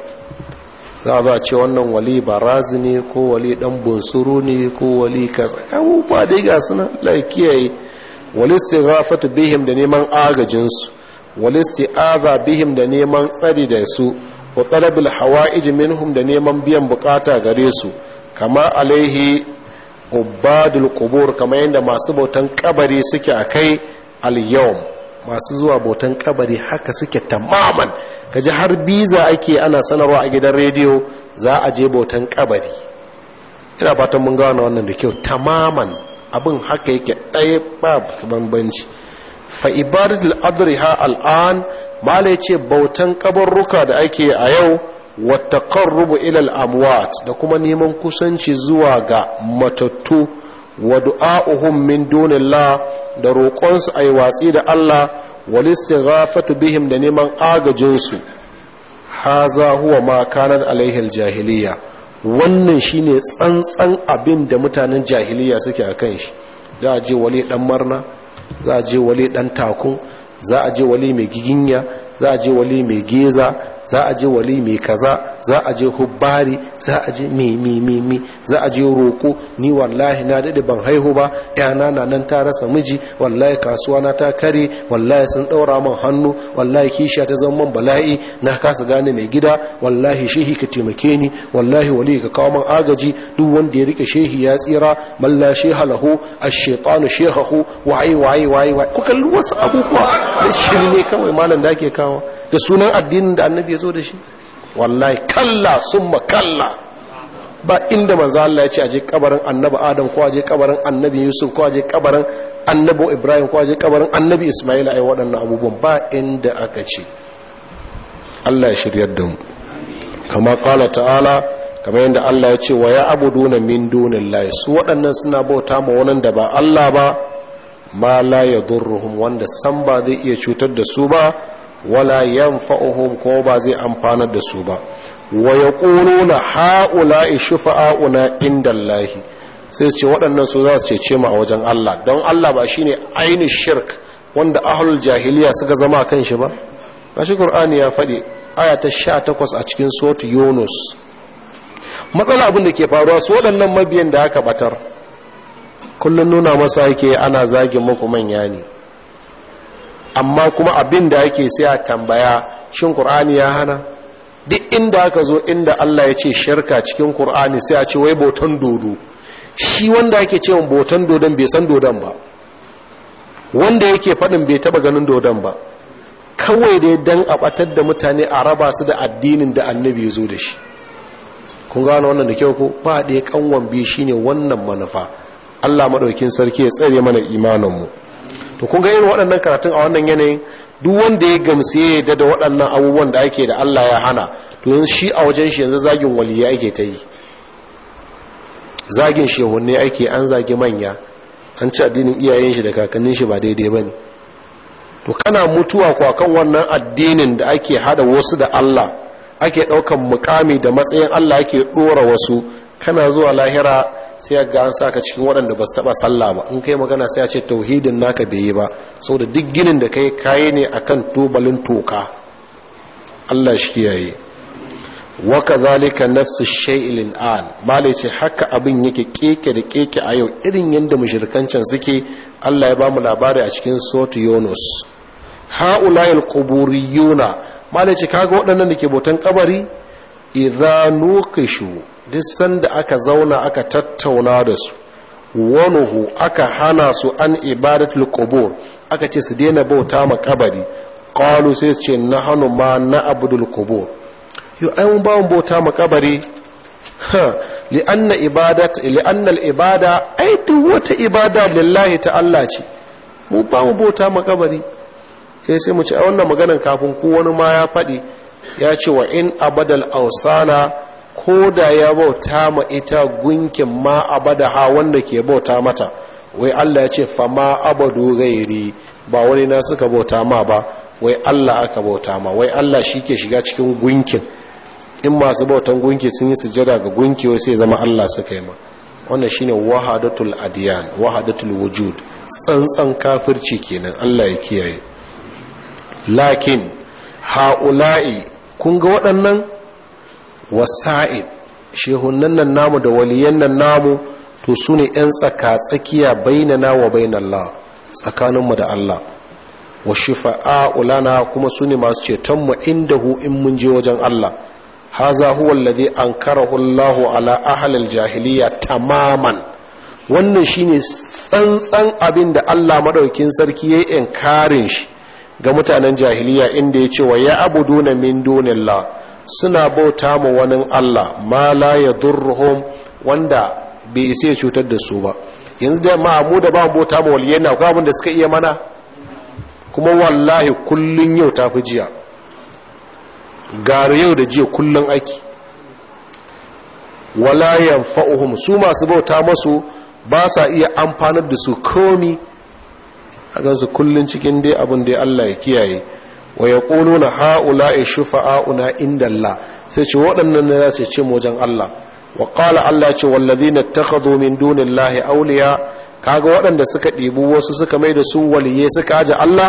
za a ce wannan wali barazi ne ko wali dan bunsuru ne ko wali kasa abubuwa dai ga suna laikiyaye wali istighafatu bihim da neman agajinsu wali isti'aza bihim da neman tsari da su wa hawa iji minhum da neman biyan bukata gare su kama alaihi ubadul kubur kama yadda masu bautan kabari suke a kai yawm masu zuwa bautan kabari haka suke tamaman kaji har biza ake ana sanarwa a gidan rediyo za a je bautan kabari ina fatan mun gano wannan da kyau tamaman abin haka yake ɗaya ba bambanci fa ibadatul adriha al'an mala yace bautan kabarruka da ake a yau wata ƙarrubu ilal amwat da kuma neman kusanci zuwa ga matattu wa du'a'uhum min la da roƙonsu a yi watsi da Allah walistighafatu bihim da neman agajinsu za huwa ma kanar alaihil jahiliya wannan shine tsantsan abin da mutanen jahiliya suke a kan shi za a je wali dan marna za a je wali dan takun za a je wali mai giginya za a je wali mai geza za a je wali mai kaza za a je hubbari za a je mimimi za a je roko ni wallahi na daɗe ban haihu ba yana na nan ta rasa miji wallahi kasuwa na ta kare wallahi sun daura man hannu wallahi kisha ta zama man bala'i na kasa gane mai gida wallahi shehi ka taimake ni wallahi wali ka kawo man agaji duk wanda ya rike shehi ya tsira malla sheha lahu ash-shaytanu shehahu waye waye waye ku kalli wasu abubuwa da shirme kawai malam da ake kawo da sunan addinin da annabi zo da shi wallahi kalla summa kalla ba inda manzo Allah ya ce aje kabarin annabi Adam ko aje kabarin annabi Yusuf ko aje kabarin annabi Ibrahim ko aje kabarin annabi Ismail ai waɗannan abubuwan ba inda aka ce Allah ya shiryar da mu kama kala ta'ala kamar yadda Allah ya ce wa ya duna min lai su waɗannan suna bauta ma wani da ba Allah ba ma la yadurruhum wanda san ba zai iya cutar da su ba wala yanfa'uhum ko ba zai amfanar da su ba wa yaquluna haula'i shufa'auna indallahi sai su ce waɗannan su za su cece mu a wajen Allah don Allah ba shine aini shirk wanda ahlul jahiliya suka zama kan shi ba kashi qur'ani ya faɗi aya ta 18 a cikin suratul yunus matsala abin da ke faruwa su waɗannan mabiyan da aka batar kullum nuna masa yake ana zagin muku manya ne amma kuma abin da yake sai a tambaya shin qur'ani ya hana duk inda aka zo inda Allah ya ce shirka cikin qur'ani sai a ce wai botan dodo shi wanda yake cewa botan dodon bai san dodon ba wanda yake faɗin bai taba ganin dodon ba kawai dai dan a ɓatar da mutane a raba su da addinin da annabi ya zo da shi kun gano wannan da kyau ko ba ya kanwan biyu shine wannan manufa allah maɗaukin sarki ya tsare mana imanin mu to kun ga irin waɗannan karatun a wannan yanayin duk wanda ya gamsu ya yarda da waɗannan abubuwan da ake da Allah ya hana to yin shi a wajen shi yanzu zagin waliya ake ta yi zagin shehunne ake an zagi manya an ci addinin iyayen shi da kakannin shi ba daidai ba ne to kana mutuwa ko kan wannan addinin da ake hada wasu da Allah ake ɗaukan mukami da matsayin Allah ake ɗora wasu kana zuwa lahira sai ga an saka cikin waɗanda ba su taɓa sallah ba in kai magana sai a ce tauhidin naka bai yi ba sau da duk ginin da kai kayi ne a kan tubalin toka allah shi kiyaye waka zalika nafsu sha'ilin an malai ce haka abin yake keke da keke a yau irin yadda mushrikancin suke allah ya bamu labari a cikin sotu yunus yuna. ba malai ce kaga waɗannan da ke botan kabari idza nuqishu duk sanda aka zauna aka tattauna da su wanuhu aka hana su an ibadatul qubur aka ce su daina bauta ma kabari qalu sai su ce nahnu ma na'budul qubur yo ai mun ba mun bauta ma kabari ha li anna ibadat li anna al ibada ai duk wata ibada lillahi ta Allah ce mu ba mu bauta ma kabari sai sai mu ce a wannan maganar kafin ku wani ma ya faɗi ya ce wa in abadal ausana ko da ya bauta ma ita gunkin ma abada ha wanda ke bauta mata wai Allah ya ce fama abadu gairi ba wani na suka bauta ma ba wai Allah aka bauta ma wai Allah shi ke shiga cikin gunkin in masu bautan gunki sun yi sujada ga gunki wai sai zama Allah suka yi ma wannan shine wahadatul adiyan wahadatul wujud tsantsan kafirci kenan Allah ya kiyaye lakin ha'ula'i kun ga waɗannan wasa'id shehunan nan namu da waliyan nan namu to su ne 'yan tsaka-tsakiya bainana wa bainallah tsakaninmu da Allah wa shifa'a'ulana kuma su ne masu mu inda hu in mun je wajen Allah haza huwa an ankarahu Allah ala ahlil jahiliya tamaman wannan shine tsantsan abin da Allah maɗaukin sarki yayi inkarin shi ga mutanen jahiliya inda ya ce wa ya abuduna min dunilla suna bauta mu wani Allah ma la yadurruhum wanda bai isa ya cutar da su ba yanzu da mu da ba bauta ma waliyai na abin da suka iya mana kuma wallahi kullun yau ta fi jiya gari yau da jiya kullun aiki wala yanfa'uhum su masu bauta masu ba sa iya amfanar da su komi a gansu kullum cikin dai abin da Allah ya kiyaye wa ya ƙolo na ha'ula ya shufa'a'una inda Allah sai ce waɗannan na za su ce wajen Allah wa ƙala Allah ce wallazi na min dunin lahi auliya kaga waɗanda suka ɗibu wasu suka mai da su waliye suka aje Allah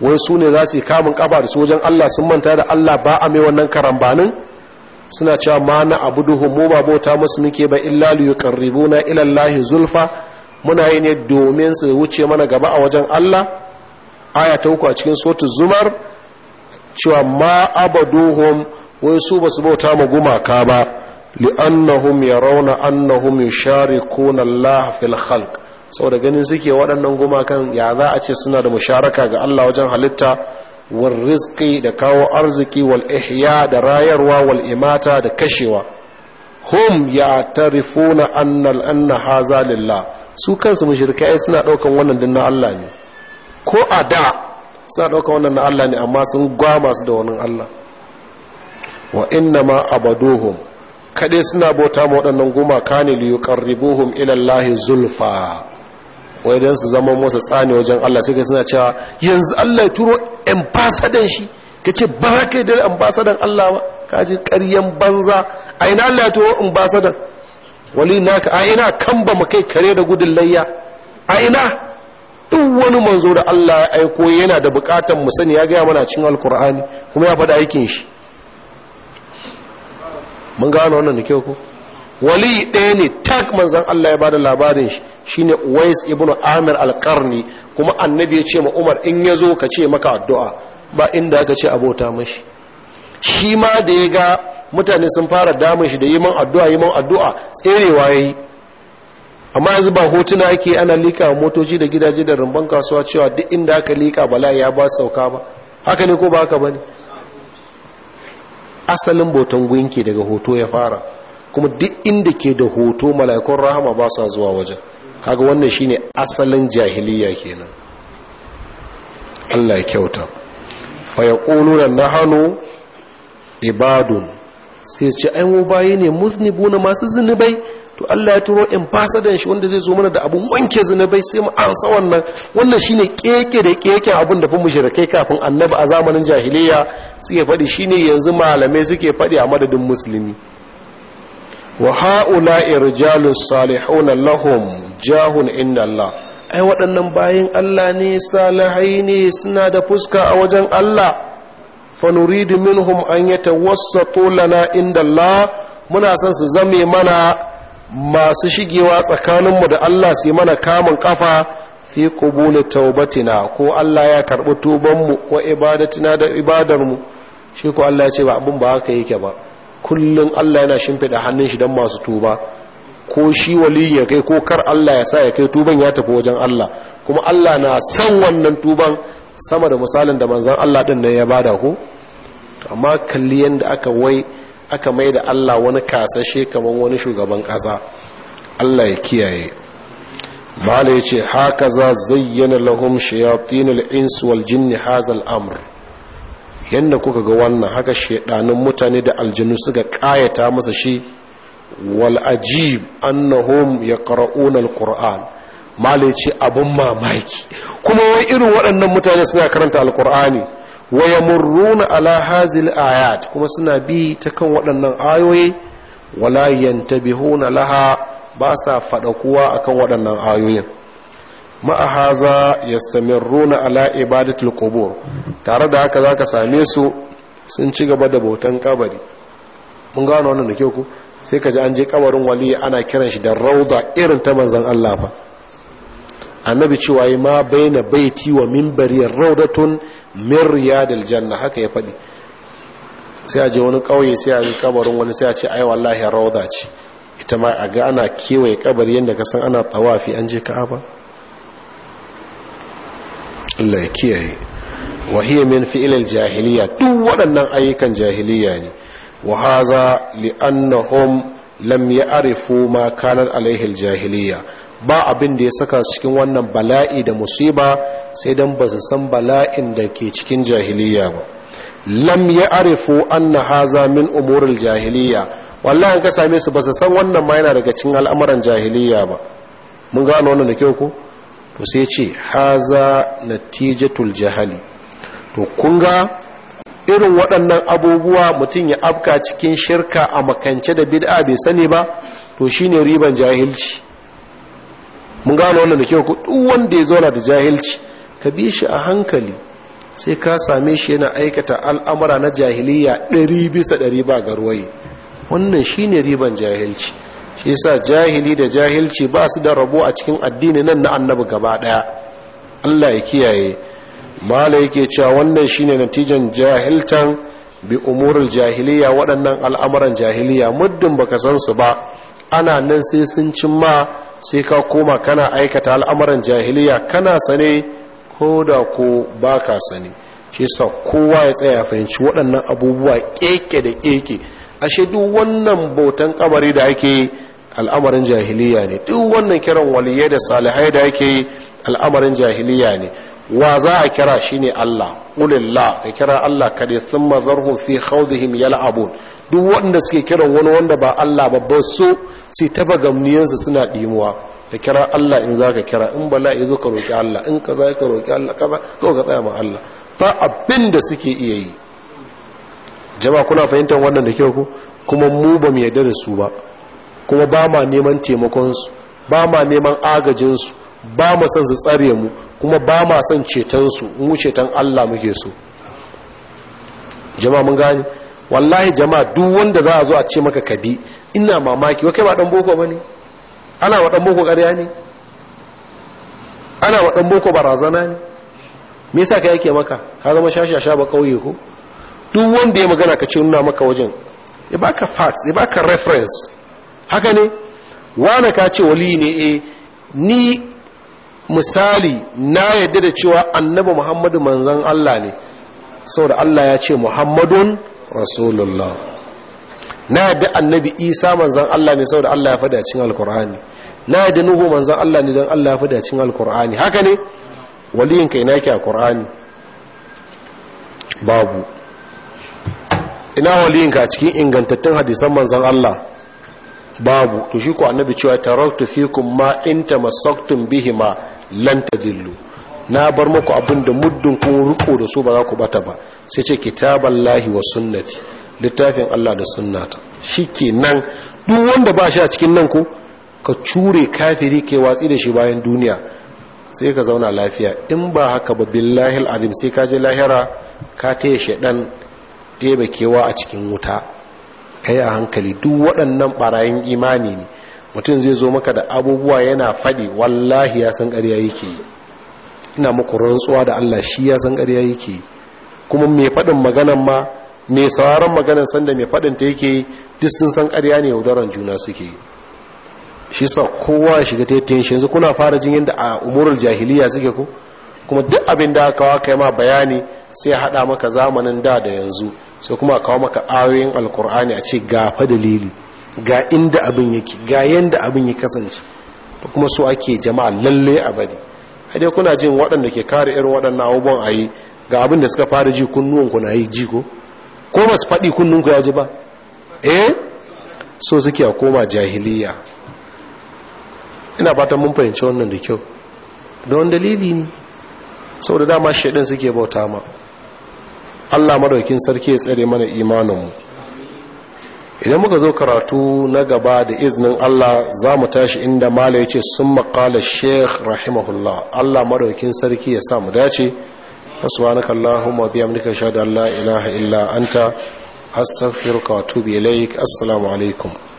wai su ne za su yi kamun kaba da su wajen Allah sun manta da Allah ba a mai wannan karambanin suna cewa ma na abuduhum mu ba bauta musu muke ba illa li ila Allah zulfa muna yi ne domin su wuce mana gaba a wajen Allah aya ta uku a cikin sotu zumar cewa ma abaduhum wai su basu bauta ma gumaka ba li'annahum yarawna annahum yusharikuna Allah fil khalq saboda ganin suke waɗannan gumakan ya za a ce suna da musharaka ga Allah wajen halitta wal rizqi da kawo arziki wal ihya da rayarwa wal imata da kashewa hum ya tarifuna annal anna haza lillah su kansu mushrikai suna daukan wannan dinna na Allah ne ko a da suna daukan wannan na Allah ne amma sun gwama su da wannan Allah wa inna ma abaduhum kade suna bauta ma waɗannan gumaka ne li yuqarribuhum ila Allah zulfa wai dan su zama musu tsani wajen Allah sai suna cewa yanzu Allah ya turo ambassador shi kace ba kai da ambassador Allah ba kaji ƙaryan banza a ina Allah ya turo ambassador wali naka a ina kan ba mu kai kare da gudun layya a ina duk wani manzo da Allah ya aiko yana da bukatan mu ya gaya mana cikin alkur'ani kuma ya faɗa aikin shi mun gano wannan da kyau ko wali ɗaya ne tak manzan Allah ya bada labarin shi shine Uwais ibn Amir al-Qarni kuma annabi ya ce ma Umar in ya zo ka ce maka addu'a ba inda aka ce abota mashi shi ma da ya ga mutane sun fara damun shi da yi man addu'a yi man addu'a tserewa yi amma yanzu ba hotuna yake ana lika motoci da gidaje da rumban kasuwa cewa duk inda aka lika bala ya ba sauka ba haka ne ko ba haka ne. asalin boton gunki daga hoto ya fara kuma duk inda ke da hoto mala'ikun rahama ba su zuwa wajen kaga wannan ne asalin jahiliya kenan Allah ya kyauta fa na nahanu ibadun sai ce ai mu bayi ne na masu zunubai to Allah ya turo ambassador shi wanda zai zo mana da abun wanke zunubai sai mu ansa wannan wannan shine keke da keke abun da fa mushrikai kafin annabi a zamanin jahiliya suke fadi shine yanzu malamai suke fadi a madadin musulmi wa haula irjalus salihun lahum jahun inna Allah ai waɗannan bayin Allah ne salihai ne suna da fuska a wajen Allah fa nuridu minhum an yatawassatu lana inda muna son su zame mana masu shigewa tsakaninmu da Allah suyi mana kamun kafa fi qubuli taubatina ko Allah ya karbi tubanmu ko ibadatina da ibadarmu shi ko Allah ya ba abun ba haka yake ba kullum Allah yana shimfida hannun shi don masu tuba ko shi wali ko kar Allah ya sa ya kai tuban ya tafi wajen Allah kuma Allah na san wannan tuban sama da misalin da manzan Allah ɗin nan ya bada ko amma kalli yadda aka wai aka mai da allah wani kasashe kamar wani shugaban kasa. allah ya kiyaye mala ya ce haka za zayyana lahum shayatin insu wal jinni hazal amr yadda kuka ga wannan haka shaidanin mutane da aljinu suka kayata masa shi wal ajib annahum ya ƙara'un al-ƙur'an mala ya ce abun mamaki kuma wai irin waɗannan mutane suna karanta al wa yamurruna ala hazil ayat kuma suna bi ta kan waɗannan ayoyi wala na laha ba sa kuwa akan waɗannan ayoyin sami haza yastamirruna ala ibadatul qubur tare da haka zaka same su sun ci gaba da bautan kabari mun gano wannan da kyau ku sai ka ji an je kabarin wali ana kiran shi da rauda irin ta manzan Allah fa annabi cewa ma baina baiti wa minbari raudatun min riyadil janna haka ya faɗi sai a je wani ƙauye sai a yi kabarin wani sai a ce ai wallahi rauda ce ita ma a ga ana kewaye kabari yadda ka san ana tawafi an je ka'aba Allah ya kiyaye wa hiya min fi'lil jahiliya duk waɗannan ayyukan jahiliya ne wa haza li'annahum lam ya'rifu ma kanat alaihi jahiliya ba abin da ya saka cikin wannan bala'i da musiba sai don ba su san bala'in da ke cikin jahiliya ba lam ya arifu na haza min umurul jahiliya wallahi ka same su ba su san wannan ma yana daga cikin al'amuran jahiliya ba mun gano wannan da kyau ko to sai ce haza natijatul jahali to kun ga irin waɗannan abubuwa mutum ya afka cikin shirka a makance da bid'a bai sani ba to shine riban jahilci mun gano wannan da kyau duk wanda ya zauna da jahilci ka bi shi a hankali sai ka same shi yana aikata al'amura na jahiliya ɗari bisa ɗari ba garwaye wannan shi ne riban jahilci shi yasa jahili da jahilci ba su da rabo a cikin addini nan na annabi gaba ɗaya Allah ya kiyaye mala yake cewa wannan shi ne natijan jahiltan bi umurul jahiliya waɗannan al'amuran jahiliya muddin baka san su ba ana nan sai sun cimma sai ka koma kana aikata al'amuran jahiliya kana sane ko da ko ba ka sane shi sa kowa ya tsaya fahimci waɗannan abubuwa keke da keke ashe duk wannan bautan kamari da ake al'amarin jahiliya ne duk wannan kiran waliyai da salihai da ake al'amarin jahiliya ne wa za a kira shi ne Allah ulillah ka kira Allah kade sun mazarhum fi khawdihim yal'abun duk wanda suke kiran wani wanda ba Allah ba ba su sai taba gamniyansu suna dimuwa ka kira Allah in za ka kira in ya zo ka roƙi Allah in ka za ka roƙi Allah kaza ko ka tsaya ma Allah ba abin da suke iya yi jama'a kuna fahimtar wannan da kyau ku kuma mu ba mu yarda da su ba kuma ba ma neman taimakon su ba ma neman agajin su ba mu son su tsare mu kuma ba ma son cetonsu mu ceton Allah muke so jama'a mun gani wallahi jama'a duk wanda za a zo a ce maka kabi ina mamaki kai ba dan boko bane ana wa dan boko ƙarya ne ana wa dan boko barazana ne me yasa kai yake maka ka zama shashi a sha ba kauye ko duk wanda ya magana ka ce nuna maka wajen ya baka facts ya baka reference haka ne wani ka ce wali ne eh ni misali na yadda da cewa annabi muhammadu manzan Allah ne saboda Allah ya ce muhammadun rasulullah na yadda annabi isa manzan Allah ne saboda Allah ya fada cin alkur'ani na yadda nuhu manzan Allah ne don Allah ya fada cin alkur'ani haka ne waliyin kai naki a kur'ani babu ina waliyin ka cikin ingantattun hadisan manzan Allah babu to shi ko annabi cewa taraktu fikum ma in tamassaktum bihima lan tadillu na bar muku abinda muddin kun ruko da su ba za ku bata ba sai ce kitaballahi wa sunnati littafin Allah da sunnata shikenan duk wanda ba shi a cikin nan ku ka cure kafiri kai watsi da shi bayan duniya sai ka zauna lafiya in ba haka ba billahi alazim sai ka je lahira ka taya shedan ɗebe kewa a cikin wuta kai a hankali duk waɗannan barayin imani ne mutum zai zo maka da abubuwa yana fadi wallahi ya san ƙarya yake ina muku rantsuwa da Allah shi ya san ƙarya yake kuma mai faɗin maganan ma mai sauraron maganan sanda mai faɗin ta yake duk sun san ƙarya ne yaudaran juna suke shi sa kowa ya shiga taitayin shi yanzu kuna fara jin yadda a umurul jahiliya suke ku kuma duk abin da aka kawo kai ma bayani sai ya haɗa maka zamanin da da yanzu sai kuma kawo maka ayoyin alkur'ani a ce gafa dalili ga inda abin yake ga yanda abin ya kasance da kuma su ake jama'a lalle a bari haidai kuna jin waɗanda ke kare irin waɗannan abubuwan a yi ga abin da suka fara ji kunnuwanku na yi ji ko ko ba su faɗi kunnunku ya ji ba eh so suke a koma jahiliya ina fatan mun fahimci wannan da kyau don dalili ne da dama shaɗin suke bauta ma Allah maraukin sarki ya tsare mana imaninmu idan muka zo karatu na gaba da iznin Allah za mu tashi inda mala ya ce sun makala sheikh rahimahullah Allah maraukin sarki ya samu dace fasuwanaka Allahumma biyamnika shahada Allah ilaha illa anta astaghfiruka wa atubu ilaik assalamu alaikum